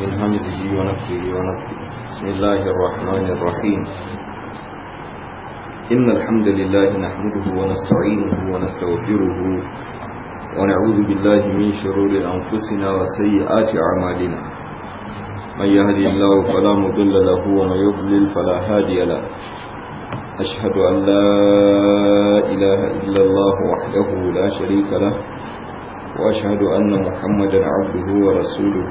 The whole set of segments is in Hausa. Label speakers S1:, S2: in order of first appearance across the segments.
S1: من همزه ونفسه ونفسه بسم الله الرحمن الرحيم إن الحمد لله نحمده ونستعينه ونستغفره ونعوذ بالله من شرور أنفسنا وسيئات أعمالنا من يهدي الله فلا مضل له ومن يضلل فلا هادي له أشهد أن لا إله إلا الله وحده لا شريك له وأشهد أن محمدا عبده ورسوله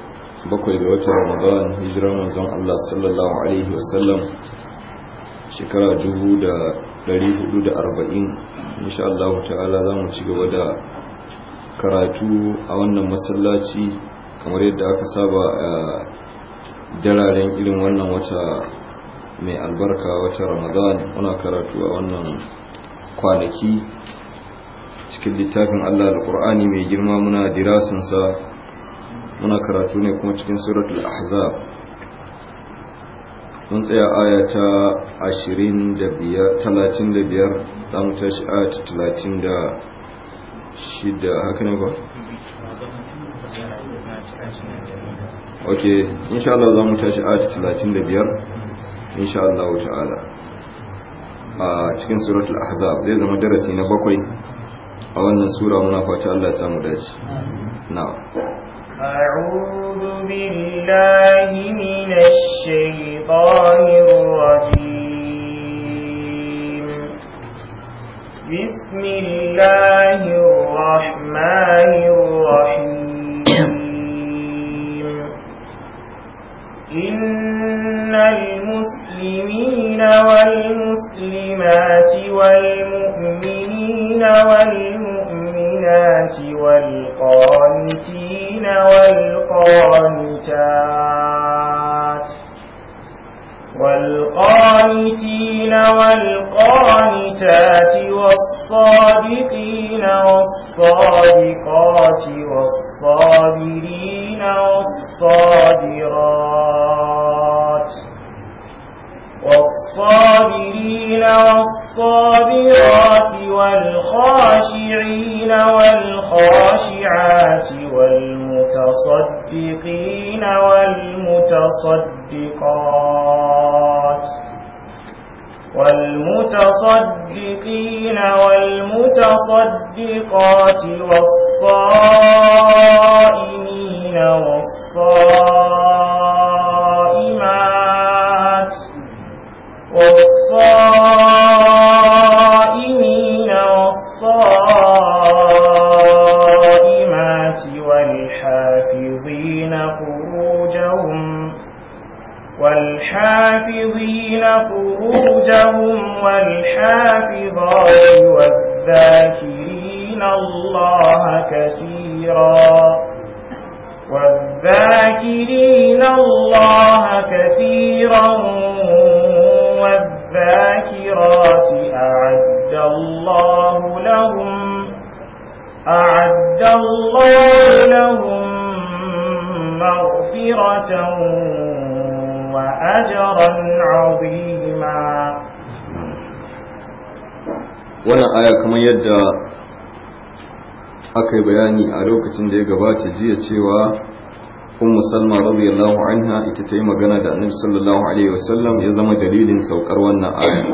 S1: bakwai da watan ramadan hijirar manzon Allah sallallahu alaihi wasallam shekara 1440 insha Allah ta'ala za mu ci gaba da karatu a wannan masallaci kamar yadda aka saba a dararen irin wannan wata mai albarka wata ramadan muna karatu a wannan kwanaki cikin littafin Allah Kur'ani mai girma muna dirasinsa muna karatu ne kuma cikin suratul ahzab mun tsaya aya ta 35 za mu tashi aya ta 36 haka ne ba ok insha Allah za mu tashi aya ta 35 insha Allah ta'ala a cikin suratul ahzab zai zama darasi na bakwai a wannan sura muna fata Allah ya samu dace na'am
S2: أعوذ بالله من الشيطان الرجيم بسم الله الرحمن الرحيم إن المسلمين والمسلمات والمؤمنين والمؤمنات والقانتين والقانتين والقانتات والقانتين والقانتات والصادقين والصادقات والصابرين والصادرات والصابرين والصابرات والخاشعين والخاشعات والمتصدقين والمتصدقات والمتصدقين والمتصدقات والصائمين والصائمات والصائمين والصائمات والحافظين فروجهم والحافظين فروجهم والحافظات والذاكرين الله كثيرا والذاكرين الله كثيرا والذاكرات أعد الله لهم أعد الله لهم مغفرة وأجرا عظيما
S1: wannan aya kamar yadda aka yi bayani a lokacin da ya gabata jiya cewa ummu salma radiyallahu anha ita ta yi magana da annabi sallallahu alaihi wasallam ya zama dalilin saukar wannan aya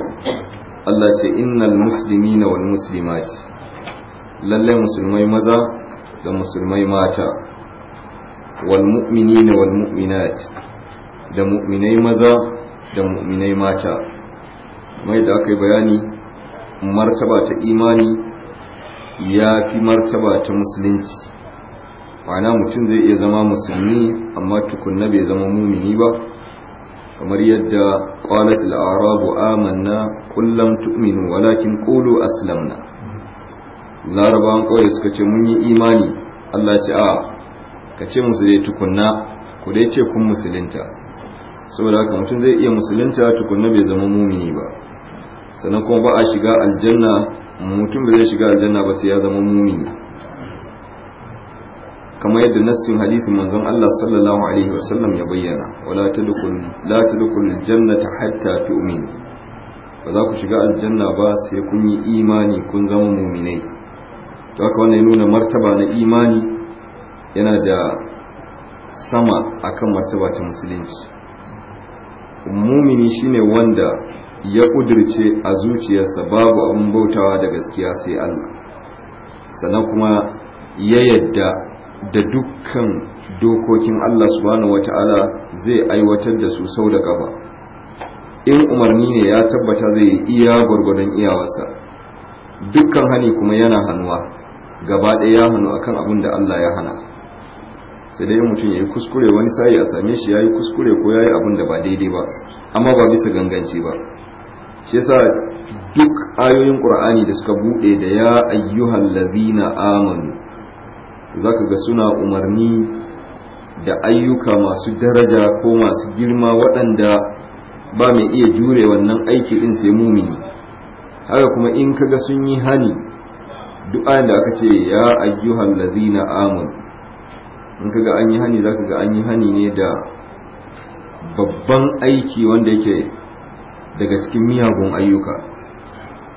S1: Allah ce innal muslimina wal muslimat lalle musulmai maza da musulmai mata da mu'minai maza da mu'minai mata mai da aka yi bayani martaba ta imani ya fi martaba ta musulunci ma'ana mutum zai iya zama musulmi amma tukunna bai zama mumini ba kamar yadda qalat al-arabu amanna qul tu'minu walakin qulu aslamna larabawan kawai suka ce mun yi imani Allah ce a ka ce musu dai tukunna ku dai ce kun musulunta saboda haka mutum zai iya musulunta tukunna bai zama mumini ba sannan kuma ba a shiga aljanna mutum bai zai shiga aljanna ba sai ya zama mumini kamar yadda nassin hadithin manzon Allah sallallahu alaihi wa sallam ya bayyana wala tadkhul la tadkhul jannata hatta tu'min ba za ku shiga aljanna ba sai kun yi imani kun zama mu'minai to haka wannan nuna martaba na imani yana da sama akan martaba ta musulunci mumini shine wanda ya kudirce a zuciyarsa babu abin bautawa da gaskiya sai Allah sannan kuma ya yadda da dukkan dokokin Allah subhanahu ta’ala zai aiwatar da su sau da gaba in umarni ne ya tabbata zai iya gwargwadon iyawarsa dukkan hani kuma yana hannuwa gaba ɗaya ya hannu akan abin da Allah ya hana sai dai mutum ya yi kuskure wani sa'i a same shi ya yi kuskure ko ya yi abin da ba daidai ba amma ba bisa ganganci ba shi yasa duk ayoyin ƙur'ani da suka buɗe da ya ayyuhan ladina amanu zaka ga suna umarni da ayyuka masu daraja ko masu girma waɗanda ba mai iya jure wannan aiki ɗin sai mumini haka kuma in kaga sun yi hani du'a da aka ce ya ayyuhan lazina amun in kaga an yi hani za ga an yi hani ne da babban aiki wanda yake daga cikin miyagun ayyuka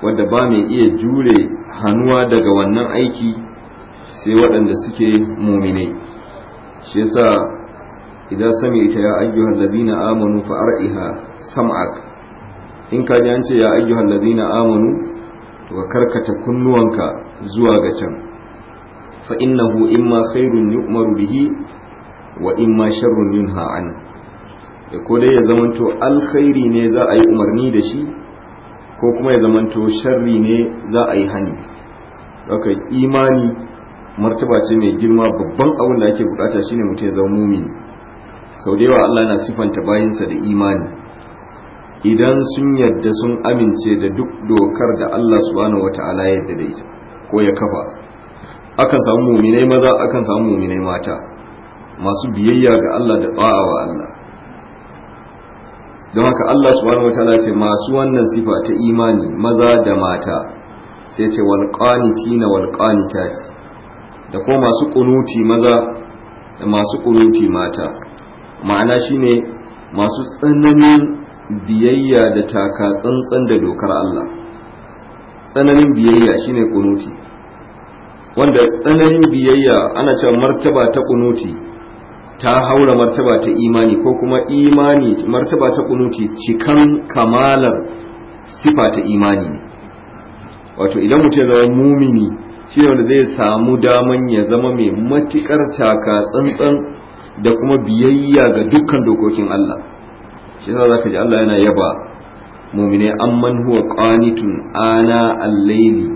S1: wadda ba mai iya jure hannuwa daga wannan aiki sai waɗanda suke muminai shi yasa idan sami ita ya ayyuhal ladina amanu fa ar'iha sam'ak in ka ji an ce ya ayyuhal ladina amanu to ka karkata kunnuwanka zuwa ga can fa innahu imma khairun yu'maru bihi wa imma sharrun yunha an ya ko dai ya zamanto alkhairi ne za a yi umarni da shi ko kuma ya zamanto sharri ne za a yi hani Okay, imani martaba ce mai girma babban abin da ake bukata shine mutum ya zama mumini sau da yawa Allah na sifanta bayansa da imani idan sun yadda sun amince da duk dokar da Allah subhanahu wata'ala ya yadda da ita ko ya kafa akan samu muminai maza akan samu muminai mata masu biyayya ga Allah da tsa'a wa Allah don haka Allah subhanahu wataala ce masu wannan sifa ta imani maza da mata sai ce wal tina wal tati. da kuma masu kunuti maza da masu kunuti mata ma'ana shine masu tsananin biyayya da taka tsantsan da dokar Allah tsananin biyayya shine kunuti wanda tsananin biyayya ana cewa martaba ta kunuti ta haura martaba ta imani ko kuma imani martaba ta kunuti cikan kamalar sifa ta imani ne wato idan mutum ya zama mumini shi da zai samu daman ya zama mai matukar taka tsantsan da kuma biyayya ga dukkan dokokin Allah shi yasa zaka ji Allah yana yaba mumine amman huwa qanitun ana al-layli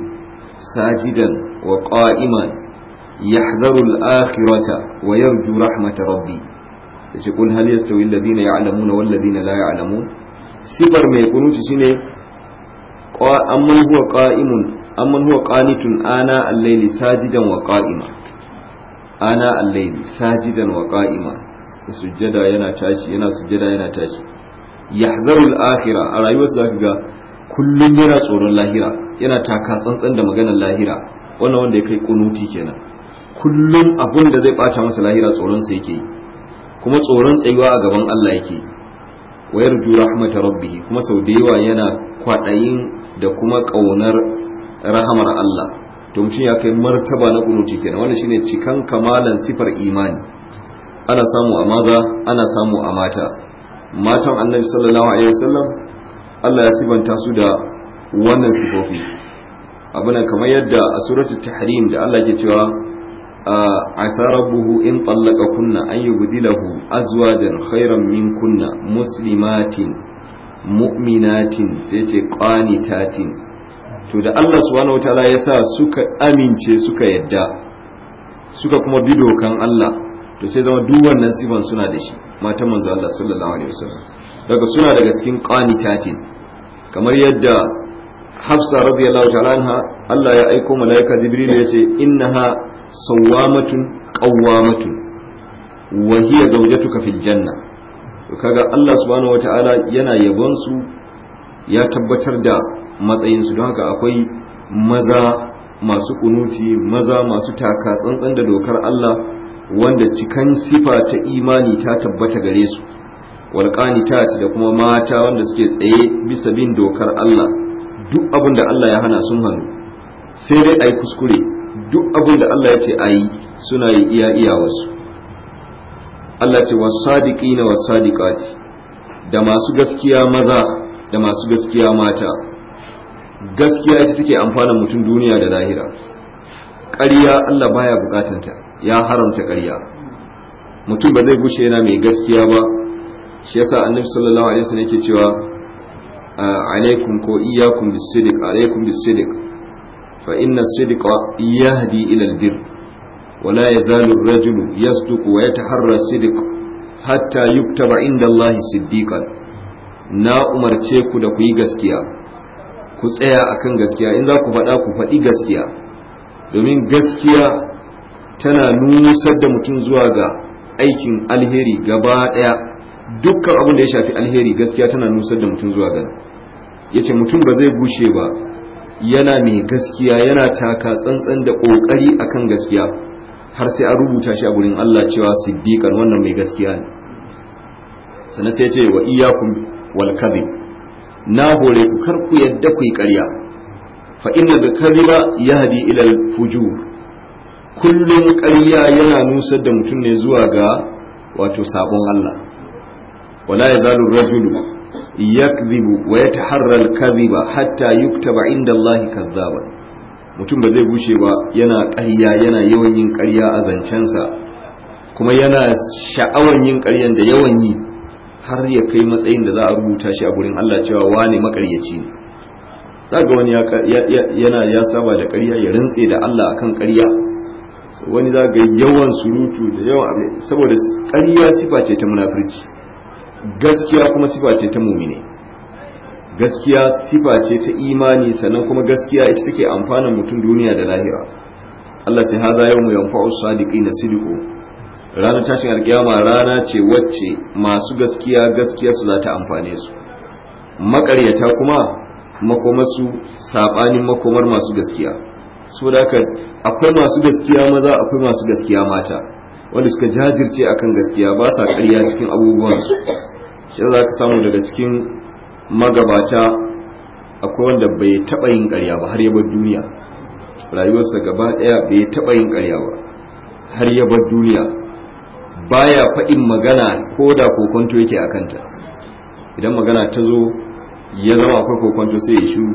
S1: sajidan wa qa'iman yahdharu al-akhirata wa yarju rahmata rabbi yace kun hal yastawi alladhina ya'lamuna wal ladina la ya'lamun sibar mai kunuci shine amman huwa qa'imun amman huwa qanitun ana al-layli sajidan wa qa'ima ana al-layli sajidan wa qa'ima sujjada yana tashi yana sujjada yana tashi yahzaru al-akhira a rayuwar sa ga kullum yana tsoron lahira yana taka tsantsan da maganar lahira wannan wanda ya kai kunuti kenan kullum abun da zai bata masa lahira tsoron sa yake kuma tsoron tsayuwa a gaban Allah yake Wayar yarju rahmata rabbih kuma sau da yawa yana kwadayin da kuma ƙaunar rahamar Allah to mutum ya kai martaba na kunuti kenan wannan shine cikan kamalan sifar imani ana samu a maza ana samu a mata matan annabi sallallahu alaihi wasallam Allah ya sibanta su da wannan sifofi abuna kamar yadda a suratul tahrim da Allah ke cewa عسى ربه إن طلقكن أن يبدله أزواجا خيرا منكن مسلمات مؤمنات سيتي قانتات to da Allah subhanahu wataala ya sa suka amince suka yadda suka kuma bi dokan Allah to sai zama duk wannan sifan suna da shi matan manzo Allah sallallahu alaihi wasallam daga suna daga cikin qanitatin kamar yadda Hafsa radiyallahu ta'ala anha Allah ya aiko malaika Jibril ya ce innaha sawwamatun qawwamatun wa hiya zawjatuka fil janna to kaga Allah subhanahu wataala yana yabon su ya tabbatar da matsayin su don haka akwai maza masu kunuti maza masu taka tsantsan da dokar Allah wanda cikan sifa ta imani ta tabbata gare su walƙanitat da kuma mata wanda suke tsaye bisa bin dokar Allah duk abin da Allah ya hana sun hannu sai dai ai kuskure duk abin da Allah ya ce a yi suna yi iya wasu. Allah ce wa sadiqina wa sadiqati da masu gaskiya maza da masu gaskiya mata gaskiya ita take amfanin mutum duniya da lahira ƙarya Allah baya bukatanta ya haramta ƙarya mutum ba zai gushe yana mai gaskiya ba shi yasa annabi sallallahu alaihi wasallam yake cewa alaikum ko iyyakum bisidiq alaikum bisidiq فإن الصدق يهدي إلى البر ولا يزال الرجل يصدق ويتحرى الصدق hatta يكتب عند الله صديقا na umarce ku da kuyi yi gaskiya ku tsaya akan gaskiya in za ku faɗa ku faɗi gaskiya domin gaskiya tana nusar da mutum zuwa ga aikin alheri gaba ɗaya dukkan abin da ya shafi alheri gaskiya tana nusar da mutum zuwa ga yace mutum ba zai gushe ba yana mai gaskiya yana taka tsantsan da kokari akan gaskiya har sai an rubuta shi a gurin Allah cewa siddiqan wannan mai gaskiya ne sannan sai ce wa iyyakum wal kadhib na hore ku kar ku yadda ku yi ƙarya fa inna bi kadhiba yahdi ila al fujur kullum ƙarya yana nusar da mutum ne zuwa ga wato sabon Allah wala yazalu rajulu yakzibu wa yataharra al-kadhiba hatta yuktaba inda Allah kadhaba mutum ba zai gushe ba yana ƙarya yana yawan yin ƙarya a zancensa kuma yana sha'awan yin ƙaryan da yawan yi har ya kai matsayin da za a rubuta shi a gurin Allah cewa wane makaryaci ne ga wani yana ya saba da ƙarya ya rintse da Allah akan ƙarya wani ga yawan surutu da yawan saboda ƙarya sifa ce ta munafurci gaskiya kuma sifa ce ta mumine gaskiya sifa ce ta imani sannan kuma gaskiya ita take amfanin mutum duniya da lahira Allah ce haza yau mu yanfa'u sadiqina sidqu ranar tashin alkiyama rana ce wacce masu gaskiya gaskiya su za ta amfane su makaryata kuma makomarsu sabanin makomar masu gaskiya saboda haka akwai masu gaskiya maza akwai masu gaskiya mata wanda suka jajirce akan gaskiya ba sa ƙarya cikin abubuwansu shi za ka samu daga cikin magabata akwai wanda bai taɓa yin ƙarya ba har yabar duniya rayuwarsa gaba ɗaya bai taɓa yin ƙarya ba har yabar duniya baya faɗin magana ko da kokonto yake a kanta idan magana ta zo ya zama akwai kokonto sai ya shiru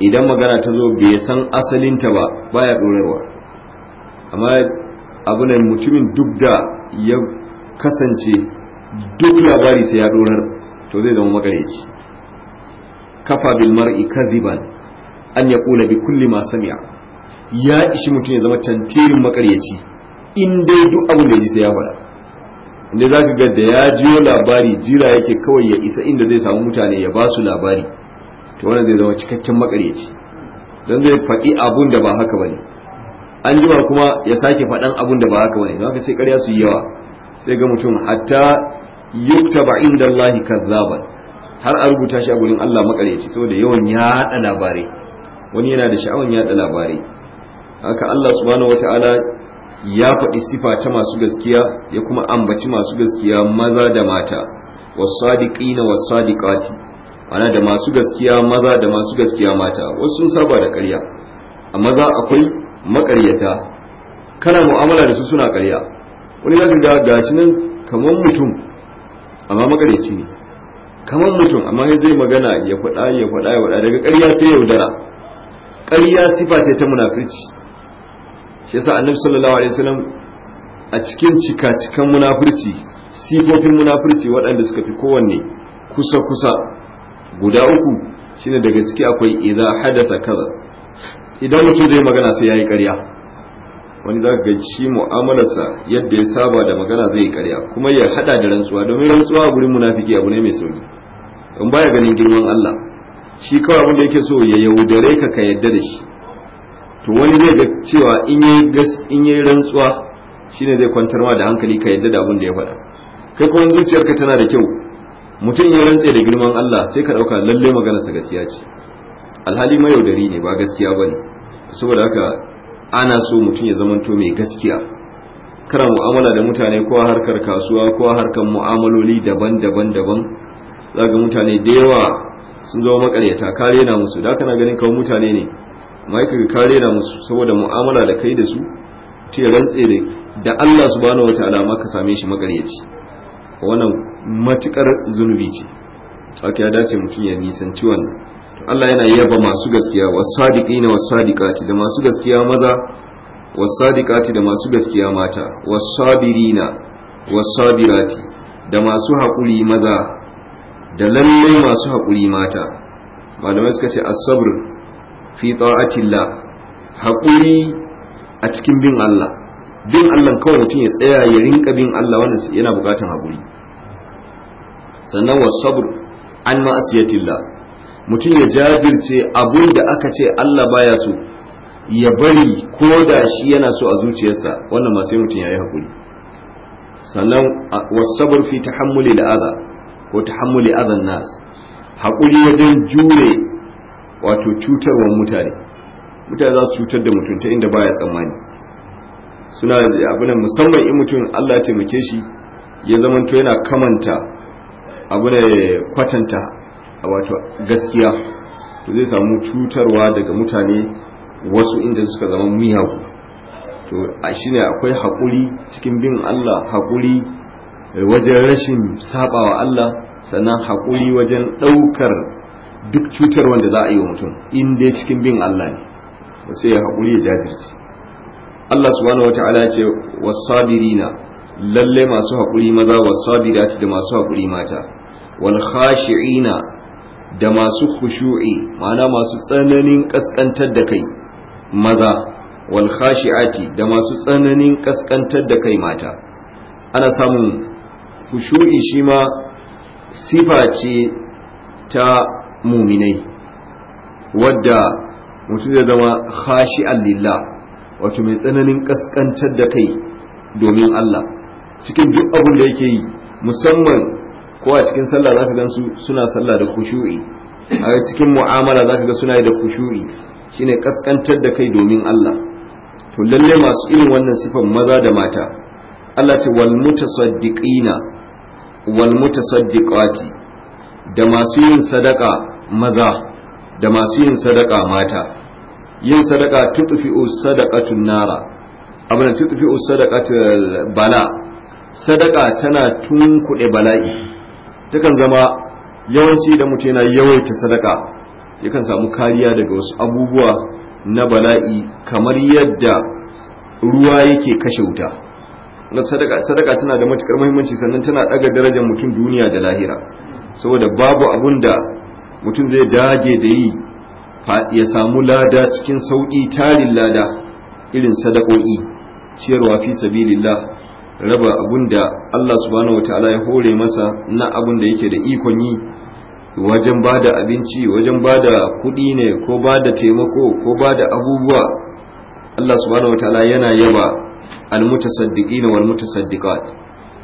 S1: idan magana ta zo bai san asalinta ba baya ɗorarwa amma abunan mutumin duk da ya kasance duk labari sai ya dorar to zai zama magareci kafa bil mar'i kadhiban an kula bi kulli ma sami'a ya ishi mutum ya zama tantirin makaryaci in dai duk abin da ji sai ya faɗa inda zaka ga da ya jiyo labari jira yake kawai ya isa inda zai samu mutane ya ba su labari to wannan zai zama cikakken makaryaci don zai faɗi abun da ba haka bane an jima kuma ya sake faɗan abun da ba haka bane don haka sai ƙarya su yi yawa sai ga mutum hatta yuktaba inda Allah kazzaban har a rubuta shi a gurin Allah makareci saboda yawan yaɗa labarai wani yana da sha'awan yaɗa labarai haka Allah subhanahu wataala ya faɗi sifa ta masu gaskiya ya kuma ambaci masu gaskiya maza da mata wasadiqina wasadiqati ana da masu gaskiya maza da masu gaskiya mata wasu sun saba da ƙarya a maza akwai maƙaryata kana mu'amala da su suna ƙarya wani zaka ga gashi nan kamar mutum amma magareci ne kamar mutum amma zai magana ya faɗa ya faɗa ya faɗa daga ƙarya sai yaudara ƙarya sifa ce ta munafirci shi yasa annabi sallallahu alaihi wasallam a cikin cika-cikan munafirci sifofin munafirci waɗanda suka fi kowanne kusa-kusa guda uku shine daga ciki akwai idza hadatha kaza idan mutum zai magana sai yayi ƙarya wani za ga shi mu'amalarsa yadda ya saba da magana zai yi karya kuma ya hada da rantsuwa domin rantsuwa a gurin munafiki abu ne mai sauki in baya ganin girman Allah shi kawai abin da yake so ya yaudare ka ka yadda da shi to wani zai ga cewa in yayi in yayi rantsuwa shine zai kwantar ma da hankali ka yadda da abin da ya faɗa kai kuma zuciyarka tana da kyau mutum ya rantse da girman Allah sai ka dauka lalle maganarsa gaskiya ce alhali mayaudari ne ba gaskiya bane saboda haka ana so mutum ya zamanto mai gaskiya kana mu'amala da mutane ko harkar kasuwa ko harkar mu'amaloli daban-daban daban zaga mutane da yawa sun zama makaryata kare na musu da kana ganin kawai mutane ne ma ka kare na musu saboda mu'amala da kai da su ta rantse da da Allah subhanahu wataala ma ka same shi makaryaci wannan matukar zunubi ce aka ya dace mutum ya nisanci wannan Allah yana yaba masu gaskiya wa sadiqina wa sadiqati da masu gaskiya maza wa sadiqati da masu gaskiya mata wa sabirina wa sabirati da masu haƙuri maza da lallai masu haƙuri mata malamai suka ce as-sabr fi ta'atillah haƙuri a cikin bin Allah bin Allah kawai mutum ya tsaya ya rinka bin Allah wannan yana bukatan haƙuri sannan was-sabr an ma'asiyatillah mutum ya jajirce abun da aka ce Allah baya so ya bari ko da shi yana so a zuciyarsa wannan masu yi mutum ya yi hakuri sannan wasabr fi da aza ko ta tahammuli azan nas hakuri wajen jure wato cutarwar mutane mutane za su cutar da mutum ta inda baya tsammani suna da abin musamman in mutum Allah ya taimake shi ya zamanto yana kamanta abu kwatanta wato gaskiya to zai samu cutarwa daga mutane wasu inda suka zama miyagu to a shine akwai haƙuri cikin bin Allah haƙuri wajen rashin sabawa Allah sannan haƙuri wajen ɗaukar duk cutar wanda za a yi wa mutum inda cikin bin Allah ne sai ya haƙuri ya jajirce Allah subhanahu wata'ala ce wasabirina lalle masu haƙuri maza wasabirati da masu haƙuri mata wal khashi'ina da masu khushu'i ma'ana masu tsananin kaskantar da kai maza wal khashi'ati da masu tsananin kaskantar da kai mata ana samun khushu'i shi ma sifa ce ta muminai wadda mutum zai zama khashi lillah wato mai tsananin kaskantar da kai domin Allah cikin duk abin da yake yi musamman ko a cikin sallah zaka gan su suna sallah da khushu'i a cikin mu'amala zaka ga suna da khushu'i shine kaskantar da kai domin Allah to lalle masu irin wannan sifan maza da mata Allah ce wal mutasaddiqina wal mutasaddiqati da masu yin sadaka maza da masu yin sadaka mata yin sadaka tutfi'u sadaqatun nara abin tutfi'u sadaqatul bala sadaka tana tunkuɗe bala'i takan zama yawanci da mutum yana yawaita sadaka yakan samu kariya daga wasu abubuwa na bala'i kamar yadda ruwa yake kashe wuta sadaka tana da matukar muhimmanci sannan tana daga darajar mutum duniya da lahira saboda babu abun da mutum zai dage da yi ya samu lada cikin sauƙi tarin lada irin sadakoki ciyarwa fi sabilillah raba abun da Allah subhanahu wataala ya hore masa na abun da yake da ikon yi wajen ba da abinci wajen ba da kuɗi ne ko ba da taimako ko ba da abubuwa Allah subhanahu wataala yana yaba almutasaddiqin wal mutasaddiqat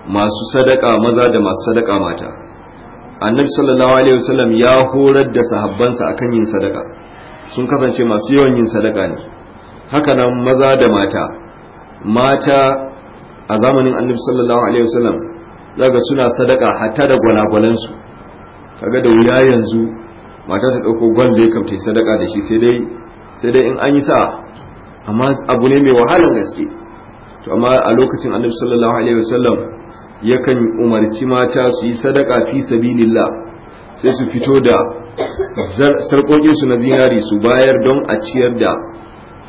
S1: masu sadaka maza da masu sadaka mata annabi sallallahu alaihi wasallam ya horar da sahabbansa akan yin sadaka sun kasance masu yawan yin sadaka ne haka nan maza da mata mata a zamanin annabi sallallahu alaihi wasallam zaga suna sadaka hatta da su kaga da wuya yanzu mata ta dauko gwal da yake ta sadaka da shi sai dai sai dai in an yi sa amma abu ne mai wahalan gaske to amma a lokacin annabi sallallahu alaihi wasallam yakan umarci mata su yi sadaka fi sabilillah sai su fito da sarkokin su na zinari su bayar don a ciyar da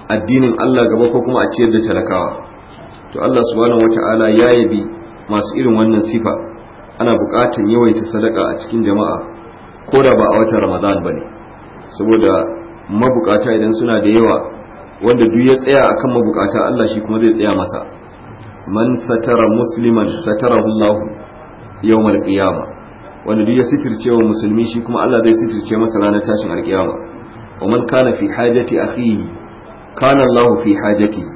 S1: addinin Allah gaba ko kuma a ciyar da talakawa to Allah subhanahu wata'ala ya yabi masu irin wannan sifa ana buƙatar yawaita sadaka a cikin jama'a ko da ba a watan Ramadan bane saboda mabukata idan suna da yawa wanda duk ya tsaya akan mabukata Allah shi kuma zai tsaya masa man satara musliman satarahu Allah yawmal qiyama wanda duk ya sitirce wa musulmi shi kuma Allah zai sitirce masa ranar tashin alqiyama wa man kana fi hajati akhihi kana Allah fi hajati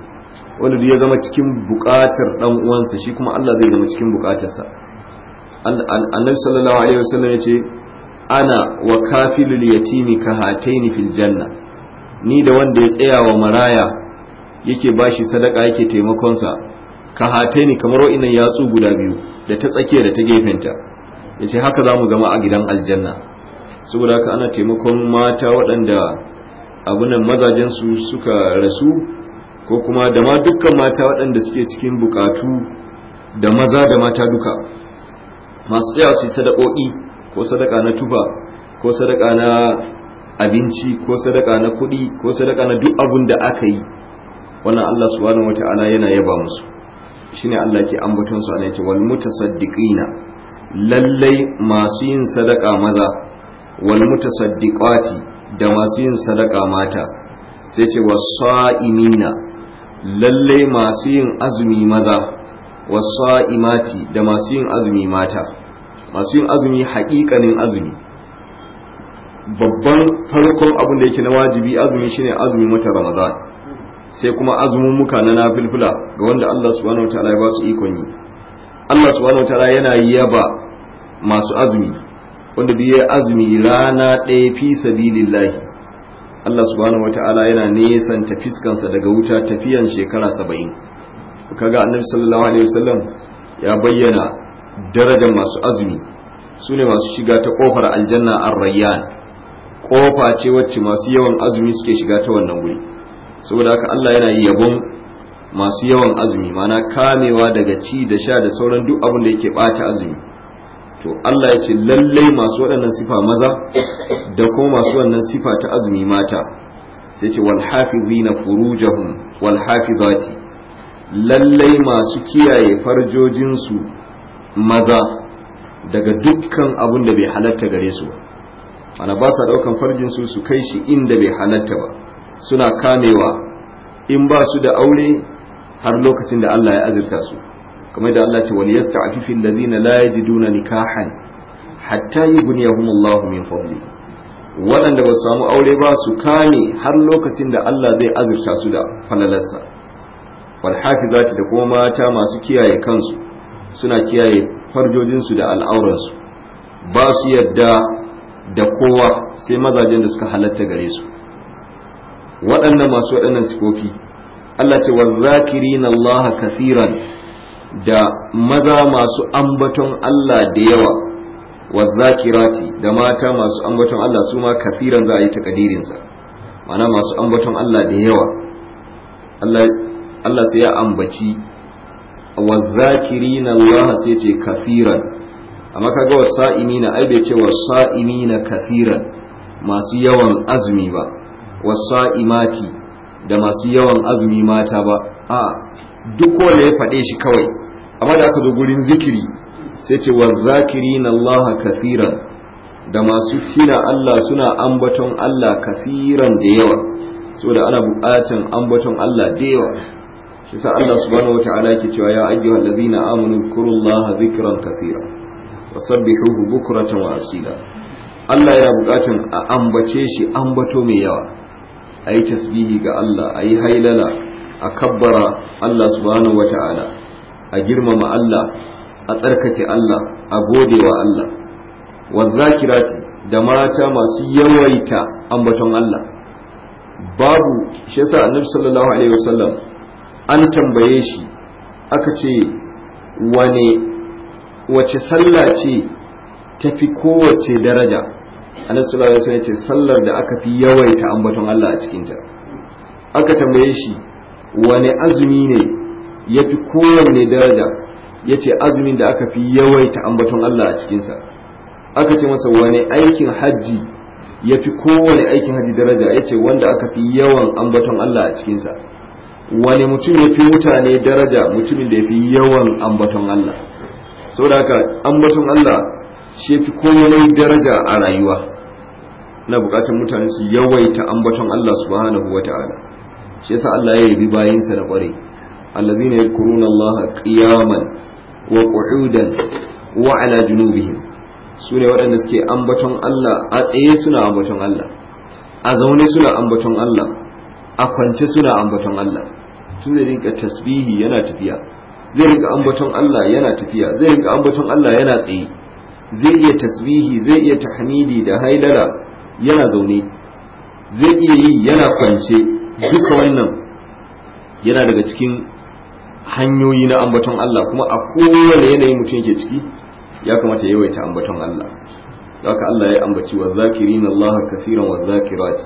S1: wanda duk ya zama cikin buƙatar dan uwansa shi kuma Allah zai zama cikin bukatarsa annabi sallallahu alaihi wasallam ya ana wa kafilul yatimi ka hataini fil janna ni da wanda ya tsaya wa maraya yake bashi sadaka yake taimakonsa ka hataini kamar wa'innan yatsu guda biyu da ta tsakiya da ta gefenta yace haka zamu zama a gidan aljanna saboda haka ana taimakon mata waɗanda abunan su suka rasu ko kuma da ma dukkan mata waɗanda suke cikin bukatu da maza da mata duka masu tsaya su yi sadakoki ko sadaka na tufa ko sadaka na abinci ko sadaka na kuɗi ko sadaka na duk abun da aka yi wannan Allah subhanahu ta'ala yana yaba musu shine Allah ke ambaton su ne ce wal mutasaddiqina lallai masu yin sadaka maza wal mutasaddiqati da masu yin sadaka mata sai ce wasa'imina lalle masu yin azumi maza wasu imati da masu yin azumi mata masu yin azumi haƙiƙanin azumi babban farkon abin da yake na wajibi azumi shine azumi mata ramadan sai kuma azumin muka na nafilfila ga wanda Allah subhanahu wataala ya ba su ikon yi Allah subhanahu wataala yana yaba masu azumi wanda duk ya azumi rana ɗaya fi sabilillahi Allah subhanahu ta'ala yana nesan fiskansa daga wuta tafiyan shekara saba'in kaga annabi sallallahu alaihi wasallam ya bayyana darajar masu azumi su ne masu shiga ta kofar aljanna ar-rayyan kofa ce wacce masu yawan azumi suke shiga ta wannan wuri saboda haka Allah yana yabon masu yawan azumi mana kamewa daga ci da sha da sauran duk abin da yake bata azumi to Allah ya ce lallai masu waɗannan sifa maza da kuma masu waɗannan sifa ta azumi mata sai ce wal hafizina furujahum wal hafizati lallai masu kiyaye farjojinsu maza daga dukkan abun da bai halatta gare su ana ba sa daukan farjinsu su kai shi inda bai halatta ba suna kamewa in ba su da aure har lokacin da Allah ya azurta su kamar da Allah ce wal na allazina la yajiduna nikahan hatta yughniyahum Allah min fadli waɗanda ba su samu aure ba su kame har lokacin da Allah zai azurta su da falalarsa wal hafizati da kuma mata masu kiyaye kansu suna kiyaye farjojinsu da al'auransu ba su yadda da kowa sai mazajen da suka halatta gare su waɗannan masu waɗannan sifofi Allah ce wa zakirina Allah kafiran da maza masu ambaton Allah da yawa wa zakirati da mata masu ambaton Allah su ma kafiran za a yi takadirinsa mana masu ambaton Allah da yawa Allah sai ya ambaci wa zakirina Allah sai ce kafiran amma kaga wa sa'imina ai bai ce wa sa'imina kafiran masu yawan azumi ba wa sa'imati da masu yawan azumi mata ba a duk wanda ya faɗe shi kawai amma da aka zo gurin zikiri sai ce wa zakirin Allah kafiran da masu tina Allah suna ambaton Allah kafiran da yawa saboda ana buƙatan ambaton Allah da yawa shi sa Allah subhanahu ta'ala ke cewa ya ayyu allazina amanu kurullaha zikran wa sabbihuhu bukratan wa asila Allah yana buƙatan a ambace shi ambato mai yawa ayi tasbihi ga Allah ayi hailala a kabbara Allah subhanahu ta'ala, a girmama Allah a tsarkake Allah a godewa Allah wazzakirati da mata masu yawaita ambaton Allah babu shi yasa annabi sallallahu alaihi wasallam an tambaye shi aka ce wane wace sallah ce tafi kowace daraja annabi sallallahu alaihi wasallam ya ce sallar da aka fi yawaita ambaton Allah a cikinta aka tambaye shi wani azumi ne ya fi kowanne daraja ya ce azumin da aka fi yawaita ambaton Allah a cikinsa aka ce masa wani aikin hajji ya fi kowane aikin hajji daraja ya ce wanda aka fi yawan ambaton Allah a cikinsa wani mutum ya fi mutane daraja mutumin da ya fi yawan ambaton Allah saboda haka ambaton Allah shi fi komai daraja a rayuwa na bukatar mutane su yawaita ambaton Allah subhanahu wa ta'ala shi yasa Allah ya yabi sa da kware allazina yadhkuruna Allah qiyaman wa qu'udan wa ala junubihim su ne waɗanda suke ambaton Allah a tsaye suna ambaton Allah a zaune suna ambaton Allah a kwance suna ambaton Allah tun zai rinka tasbihi yana tafiya zai rinka ambaton Allah yana tafiya zai rinka ambaton Allah yana tsaye zai iya tasbihi zai iya tahmidi da haidara yana zaune zai iya yi yana kwance duka wannan yana daga cikin hanyoyi na ambaton Allah kuma a kowane yanayin mutum yake ciki ya kamata yawaita ambaton Allah haka Allah ya ambaci wa zakirin Allah kafiran wa zakirati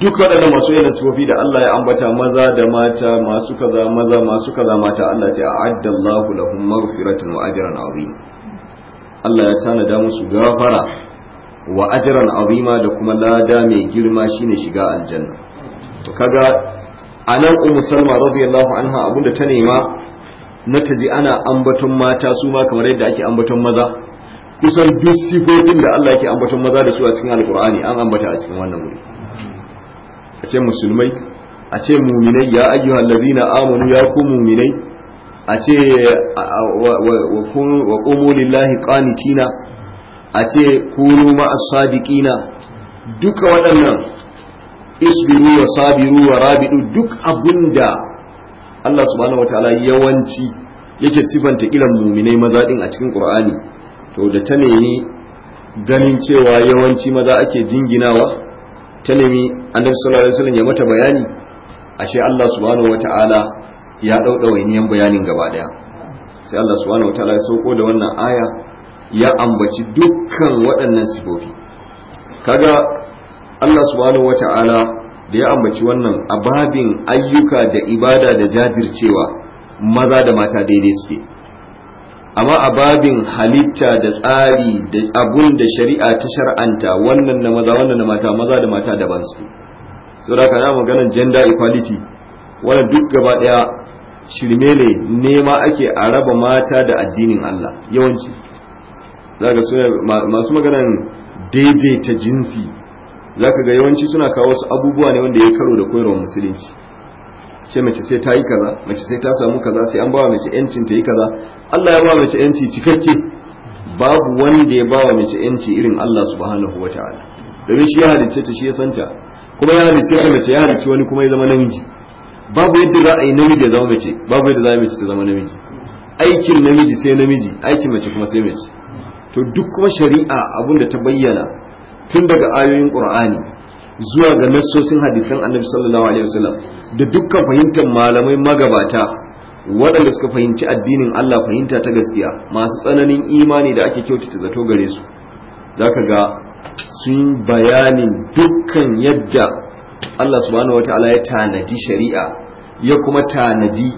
S1: duk waɗanda masu yana sifofi da Allah ya ambata maza da mata masu kaza maza masu kaza mata Allah ce a'adda Allahu lahum maghfiratan wa ajran azim Allah ya tanada musu gafara wa ajran azima da kuma lada mai girma shine shiga aljanna to kaga anan ummu salma radiyallahu anha abinda ta nema na taji ana ambaton mata su ma kamar yadda ake ambaton maza kusan duk sifofin da Allah yake ambaton maza da su a cikin alkur'ani an ambata a cikin wannan wuri a ce musulmai a ce muminai ya ayyuhal ladina amanu ya ku muminai a ce wa qumu lillahi qanitina a ce kunu as sadiqina duka waɗannan isbiru wa sabiru wa rabidu duk abinda Allah subhanahu wataala yawanci yake sifanta ilan muminai maza din a cikin Qur'ani to da ta nemi ganin cewa yawanci maza ake jinginawa ta nemi annabi sallallahu alaihi wasallam ya mata bayani ashe Allah subhanahu wataala ya dauda wainiyan bayanin gaba daya sai Allah subhanahu wataala ya sauko da wannan aya ya ambaci dukkan waɗannan sifofi kaga Allah subhanahu ta'ala da ya ambaci wannan a babin ayyuka da ibada da jajircewa maza da mata daidai suke amma a babin halitta da tsari da abun da shari'a ta shar'anta wannan na maza wannan na mata maza da mata daban su saboda kana maganar gender equality wannan duk gaba daya shirme ne nema ake a raba mata da addinin Allah yawanci za ga suna masu maganan daidaita jinsi Za ka ga yawanci suna kawo wasu abubuwa ne wanda ya karo da koyarwa musulunci ce mace sai ta yi kaza mace sai ta samu kaza sai an bawa mace yancin ta yi kaza Allah ya bawa mace yanci cikakke babu wanda ya bawa mace yanci irin Allah subhanahu wataala domin shi ya halicce ta shi ya santa kuma ya halicce ta mace ya halicce wani kuma ya zama namiji babu yadda za a yi namiji ya zama mace babu yadda za a yi mace ta zama namiji aikin namiji sai namiji aikin mace kuma sai mace to duk kuma shari'a abun da ta bayyana tun daga ayoyin qur'ani zuwa ga nassosin hadisan annabi sallallahu alaihi wasallam da dukkan fahimtar malamai magabata waɗanda suka fahimci addinin Allah fahimta ta gaskiya masu tsananin imani da ake kyautata zato gare su zaka ga sun bayanin dukkan yadda Allah subhanahu wataala ya tanadi shari'a ya kuma tanadi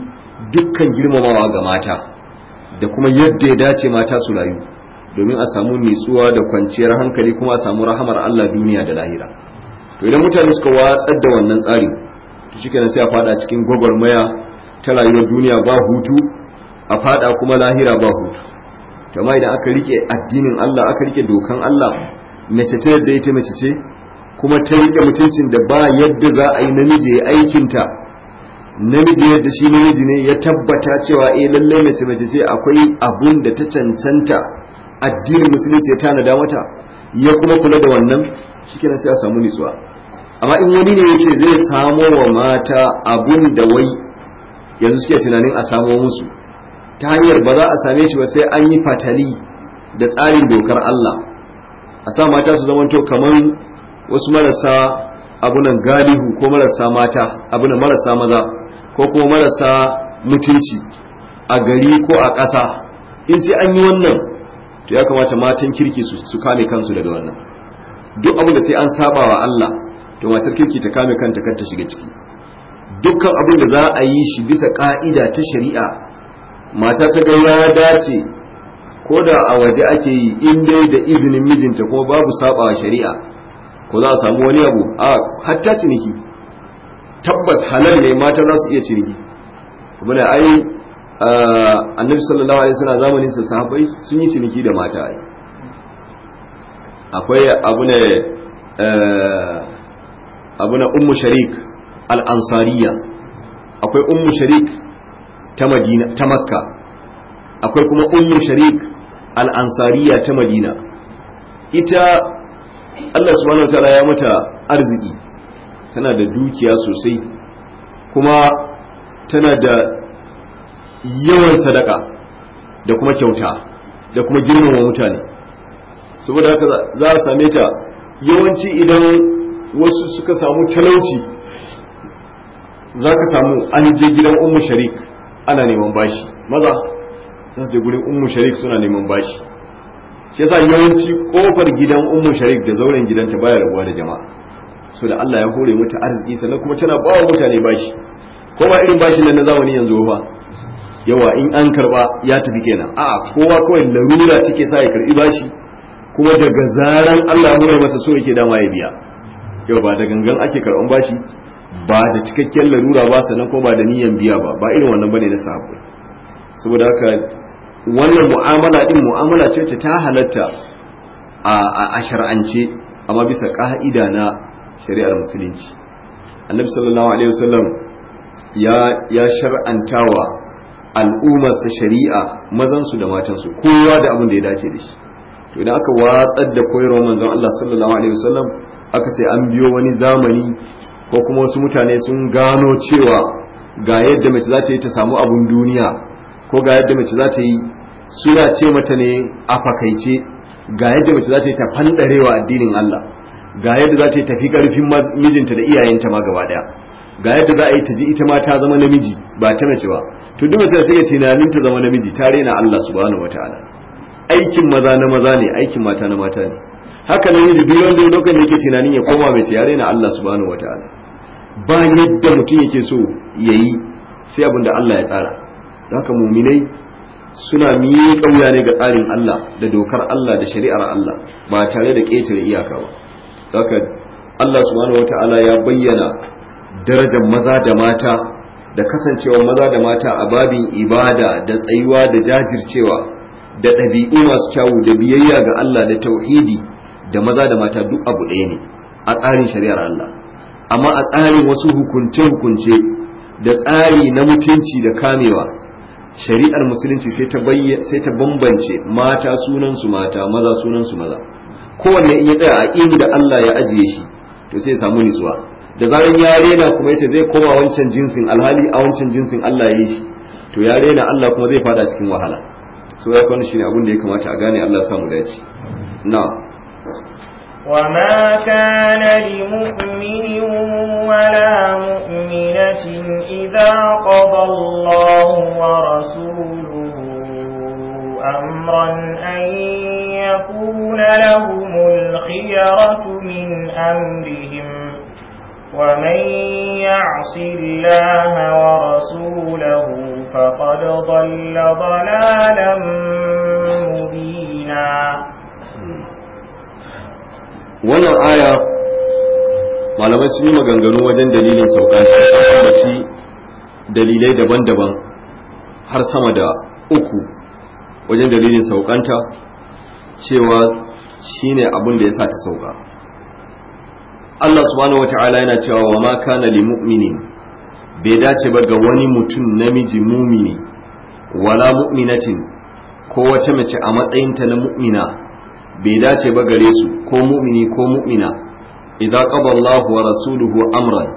S1: dukkan girmamawa ga mata da kuma yadda ya dace mata su rayu domin a samu nitsuwa da kwanciyar hankali kuma a samu rahamar Allah duniya da lahira to idan mutane suka watsar da wannan tsari to shikenan sai a fada cikin gwagwarmaya ta rayuwar duniya ba hutu a fada kuma lahira ba hutu to amma idan aka rike addinin Allah aka rike dokan Allah mace ta yadda ita mace ce kuma ta rike mutuncin da ba yadda za a yi namiji ya ta namiji yadda shi namiji ne ya tabbata cewa eh lallai mace mace ce akwai abun da ta cancanta addinin musulunci ya tanada mata ya kuma kula da wannan shikenan sai a samu nutsuwa amma in wani ne yace zai samo wa mata abun da wai yanzu suke tunanin a samo musu ta hanyar ba za a same shi ba sai an yi fatali da tsarin dokar Allah a sa mata su zamanto kamar wasu marasa abunan galihu ko marasa mata abunan marasa maza ko kuma marasa mutunci a gari ko a ƙasa in sai an yi wannan to ya kamata matan kirki su kame kansu daga wannan duk abin da sai an saba wa Allah to matar kirki ta kame kanta kanta shiga ciki dukkan abin da za a yi shi bisa ka'ida ta shari'a mata ta ga ya dace ko da a waje ake yi in dai da izinin mijinta ko babu saba wa shari'a ko za a samu wani abu a hatta ciniki tabbas halal ne mata za su iya ciniki kuma ai Eh, annabi sallallahu alaihi wasallam zamanin sa sahabbai sun yi ciniki da mata ai akwai abu ne eh, abu na ummu sharik al-ansariya akwai ummu sharik ta madina ta makka akwai kuma ummu sharik al-ansariya ta madina ita Allah subhanahu wa ta'ala ya mata arziki tana da dukiya sosai kuma tana da yawan sadaka da kuma kyauta da kuma girmama mutane saboda haka za a same ta yawanci idan wasu suka samu talauci za ka samu an je gidan ummu sharik ana neman bashi maza za su je gurin ummu sharik suna neman bashi shi yasa yawanci kofar gidan ummu sharik da zauren gidanta baya rabuwa da jama'a so da Allah ya hore mata arziki sannan kuma tana ba wa mutane bashi kuma irin bashin nan na zamani yanzu ba yawa in an karba ya tafi kenan a kowa kawai larura take sa ya karbi bashi kuma daga zaran Allah ya masa so yake dama ya biya yau ba da gangan ake karban bashi ba da cikakken larura ba sannan ko ba da niyan biya ba ba irin wannan bane na sahabbai saboda haka wannan mu'amala din mu'amala ce ta ta halatta a shar'ance amma bisa ka'ida na shari'ar musulunci annabi sallallahu alaihi wasallam ya ya shar'antawa al'ummarsa shari'a mazansu da matansu kowa da abin da ya dace da shi to idan aka watsar da koyarwar manzon Allah sallallahu alaihi wasallam aka ce an biyo wani zamani ko kuma wasu mutane sun gano cewa ga yadda mace za ta yi ta samu abun duniya ko ga yadda mace za ta yi suna ce mata ne a fakaice ga yadda mace za ta yi ta fandarewa addinin Allah ga yadda za ta yi tafi karfin mijinta da iyayenta ma gaba daya ga yadda za a yi ta ji ita ma ta zama namiji ba ta mace ba to duk mace da take tunanin ta zama namiji ta rena Allah subhanahu wataala aikin maza na maza ne aikin mata na mata ne haka nan yadda duk wanda lokacin da yake tunanin ya koma mace ya rena Allah subhanahu wataala ba yadda mutum yake so yayi sai abin da Allah ya tsara haka muminai suna miye kauya ne ga tsarin Allah da dokar Allah da shari'ar Allah ba tare da ƙetare iyaka ba haka Allah subhanahu wataala ya bayyana darajar maza da mata da kasancewa maza da mata a babin ibada da tsayuwa da jajircewa da ɗabi'u masu kyawu da biyayya ga Allah da tauhidi da maza da mata duk abu ɗaya ne a tsarin shari'ar Allah amma a tsarin wasu hukunce-hukunce da tsari na mutunci da kamewa shari'ar musulunci sai ta bambance mata sunansu mata maza sunansu maza kowanne in ya tsaya a da Allah ya ajiye shi to sai ya samu nutsuwa da zaran ya rena kuma yace zai koma wancan jinsin alhali a wancan jinsin Allah ya yi shi to ya rena Allah kuma zai fada cikin wahala so ya kwani shine abin da ya kamata a gane Allah samu dace na
S2: وما كان لمؤمن ولا مؤمنة إذا قضى الله ورسوله أمرا أن يكون لهم الخيرة من أمرهم ومن يعص الله ورسوله فقد ضل ضلالا مبينا
S1: wannan aya malamai sun yi maganganu wajen dalilin sauka shi dalilai daban-daban har sama da uku wajen dalilin sauƙanta cewa shine abin da ya sa ta sauka Allah subhanahu wata'ala yana cewa wa ma kana li mu'minin bai dace ba ga wani mutum namiji mumini wala mu'minatin ko wata mace a matsayinta na mu'mina bai dace ba gare su ko mu'mini ko mu'mina idan qaba wa rasuluhu amran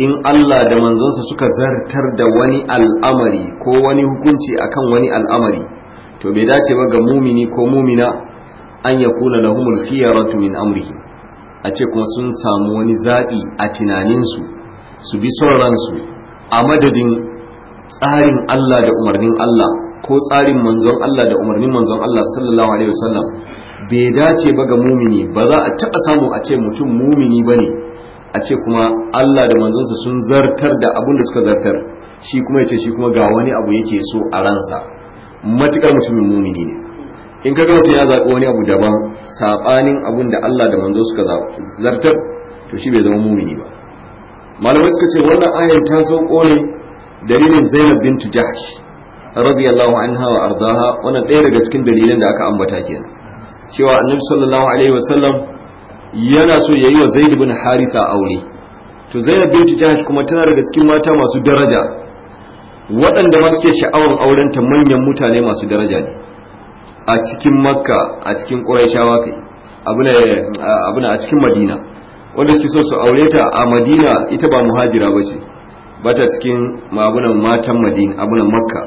S1: in Allah da manzonsa suka zartar da wani al'amari ko wani hukunci akan wani al'amari to bai dace ba ga mumini ko mumina an yakuna lahumul khiyaratu min amrihim a ce kuma sun samu wani zaɓi a tunaninsu su bi son ransu a madadin tsarin Allah da umarnin Allah ko tsarin manzon Allah da umarnin manzon Allah sallallahu alaihi wasallam bai dace ba ga mumini ba za a taɓa samu a ce mutum mumini ba ne a ce kuma Allah da manzonsa sun zartar da abin da suka zartar shi kuma ya ce shi kuma ga wani abu yake so a ransa matuƙar mutumin mumini ne in ka gama ya zaɓi wani abu daban saɓanin abun da Allah da manzo suka zartar to shi bai zama mumini ba malamai suka ce wannan ayar ta sauko ne dalilin Zainab bintu tujahsh radiyallahu anha wa ardaha wannan ɗaya daga cikin dalilan da aka ambata kenan cewa annabi sallallahu alaihi sallam yana so yayi wa Zaid bin Haritha aure to Zainab bintu tujahsh kuma tana daga cikin mata masu daraja waɗanda ma suke sha'awar aurenta manyan mutane masu daraja ne a cikin makka a cikin ƙuraishawa kai abuna a cikin madina wanda suke so su aure ta a madina ita ba muhajira ba ce ba ta cikin abunan matan madina abunan makka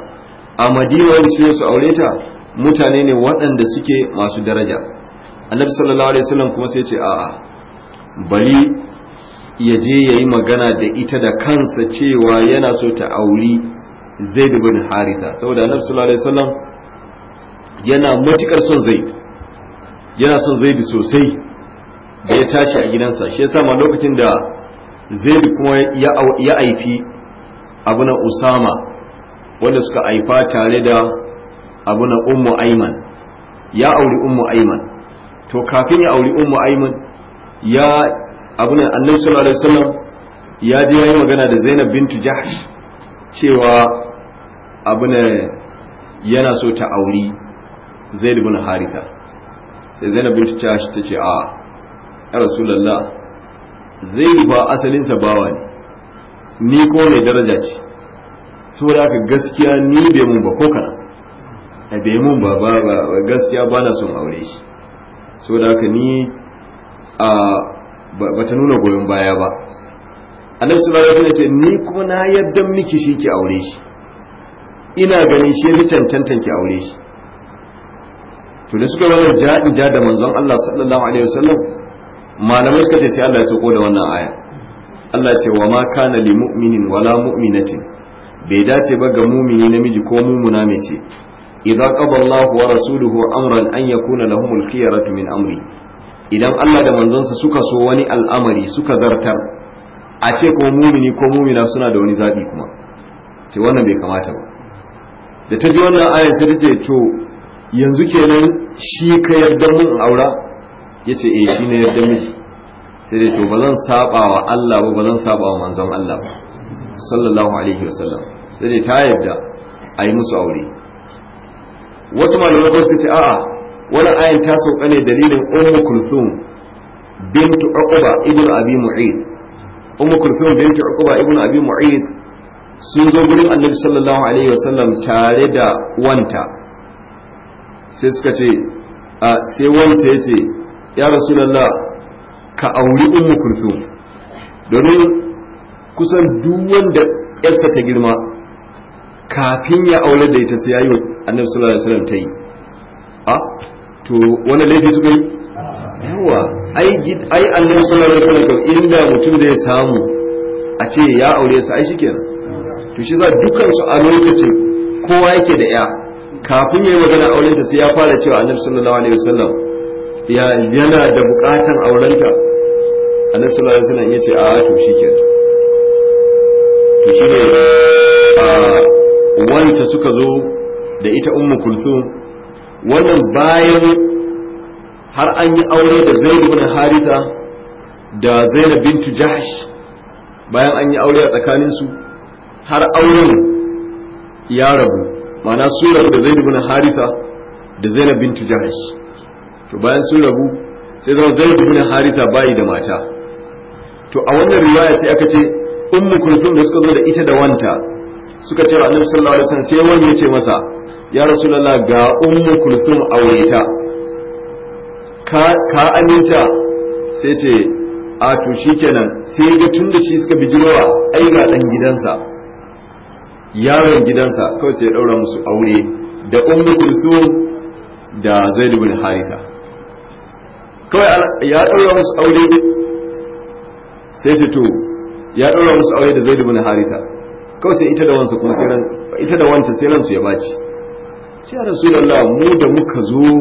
S1: a madina wanda suke su aure ta mutane ne waɗanda suke masu daraja annabi sallallahu alaihi wasallam kuma sai ce a'a bali ya je ya yi magana da ita da kansa cewa yana so ta auri zaid bin haritha saboda annabi sallallahu alaihi wasallam yana matukar son zaid yana son zaid sosai da ya tashi a gidansa shi yasa ma lokacin da zaid kuma ya aifi abuna usama wanda suka aifa tare da abuna ummu aiman ya auri ummu aiman to kafin ya auri ummu aiman ya abuna annabi sallallahu alaihi wasallam ya je yayi magana da zainab bintu jahsh cewa abuna yana so ta auri zaid ibn harita. sai zainab bin jahash ta ce a ya rasulullah Zai ba asalinsa bawa ne ni ko mai daraja ce saboda haka gaskiya ni bai mun ba ko kana bai mun ba ba gaskiya ba na son aure shi saboda haka ni a ba ta nuna goyon baya ba annabi sallallahu alaihi ce ni kuma na yadda miki shi ki aure shi ina ganin shi ya cancantan ki aure shi to da suka yi wannan ja'ija da manzon Allah sallallahu alaihi wasallam malamai suka ce sai Allah ya soko da wannan aya Allah ce wa ma kana li mu'minin wala mu'minatin bai dace ba ga mumini namiji ko mumuna ce idza qada Allahu wa rasuluhu amran an yakuna lahumul khiyaratu min amri idan Allah da manzonsa suka so wani al'amari suka zartar a ce ko mumini ko mumina suna da wani zabi kuma ce wannan bai kamata ba da ta ji wannan ayar ta ce to yanzu kenan shi ka yarda mun in aura ya ce eh shi na yarda miji sai dai to ba zan saba wa Allah ba ba zan saba wa manzon Allah ba sallallahu alaihi wasallam sai dai ta yarda a yi musu aure wasu malamai ba su ce a'a wannan ayin ta sauka ne dalilin ummu kulthum bint uqba ibn abi mu'id ummu kulthum bint uqba ibn abi mu'id sun zo gurin annabi sallallahu alaihi wasallam tare da wanta sai suka ce a sai wanta ya ce ya rasulallah ka auri ummu kulthum domin kusan duk wanda yarsa ta girma kafin ya aure da ita sai yayi annabi sallallahu alaihi wasallam ta yi a to wani laifi suka yi yawa ai annabi sallallahu alaihi wasallam inda mutum da ya samu a ce ya aure sa ai shikenan to shi za dukkan su a lokacin kowa yake da ya kafin yayi magana auren ta sai ya fara cewa annabi sallallahu alaihi wasallam ya yana da bukatan auren ta annabi sallallahu alaihi wasallam yace a to shikenan to shine wanta suka zo da ita ummu kulthum wannan bayan har an yi aure da zaid ibn haritha da zainab bintu jahsh bayan an yi aure a tsakaninsu har auren ya rabu ma'ana surar da zai bin haritha da zainab bintu jahash to bayan sun rabu sai zama zainab bin haritha bayi da mata to a wannan riwaya sai aka ce ummu kulsum da suka zo da ita da wanta suka ce wa annabi sallallahu alaihi wasallam sai wani ya ce masa ya rasulullah ga ummu kulsum a ta ka aminta sai ce a to shikenan sai ga tunda shi suka bijirowa ai ga dan gidansa yaron gidansa kawai sai ya daura musu aure da ummu kulsum da zaid ibn harisa kawai ya daura musu aure sai shi to ya daura musu aure da zaid ibn harisa kawai sai ita da wansa kuma sai ran ita da wanta sai ran su ya baci sai ya rasulullah mu da muka zo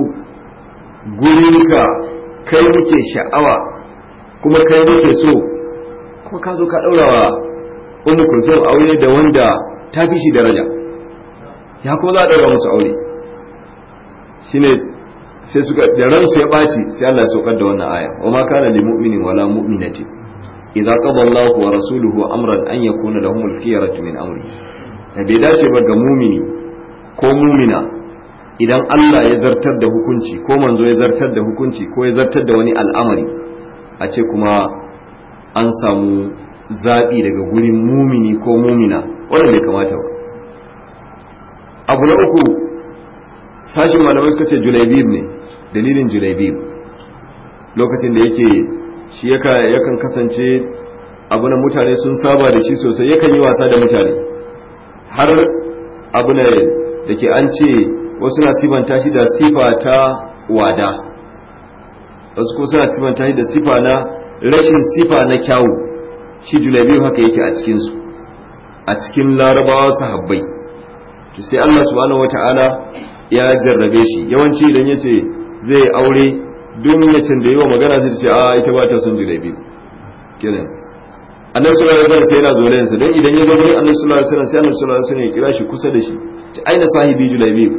S1: gurinka kai muke sha'awa kuma kai muke so kuma ka zo ka daura wa ummu kulsum aure da wanda ta fi shi daraja ya kuma za a ɗaura musu aure shine sai suka da ransu ya ɓaci sai Allah ya saukar da wannan aya wa ma kana lil mu'minin wala mu'minati idza qada Allah wa rasuluhu amran an yakuna lahum al-khiyaratu min amri da bai dace ba ga mumini ko mumina idan Allah ya zartar da hukunci ko manzo ya zartar da hukunci ko ya zartar da wani al'amari a ce kuma an samu zaɓi daga gurin mumini ko mumina wannan bai kamata ba abu na uku sashin malamai suka ce julaibib ne dalilin julaibib lokacin da yake shi yakan kasance abu na mutane sun saba da shi sosai yakan yi wasa da mutane har abu na da ke an ce wasu na sifanta shi da sifa ta wada wasu ko suna sifanta shi da sifa na rashin sifa na kyawu shi julaibib haka yake a cikinsu a cikin larabawa sahabbai to sai Allah subhanahu wata'ala ya jarrabe shi yawanci idan yace zai aure dumiyacin da yi wa magana zai ce a ita ba ta son jirabi kenan annabi sallallahu alaihi wasallam sai yana zolayen sa dan idan ya zo gurin annabi sallallahu alaihi wasallam sai annabi sallallahu alaihi wasallam ya kira shi kusa da shi ta aina sahibi julaibib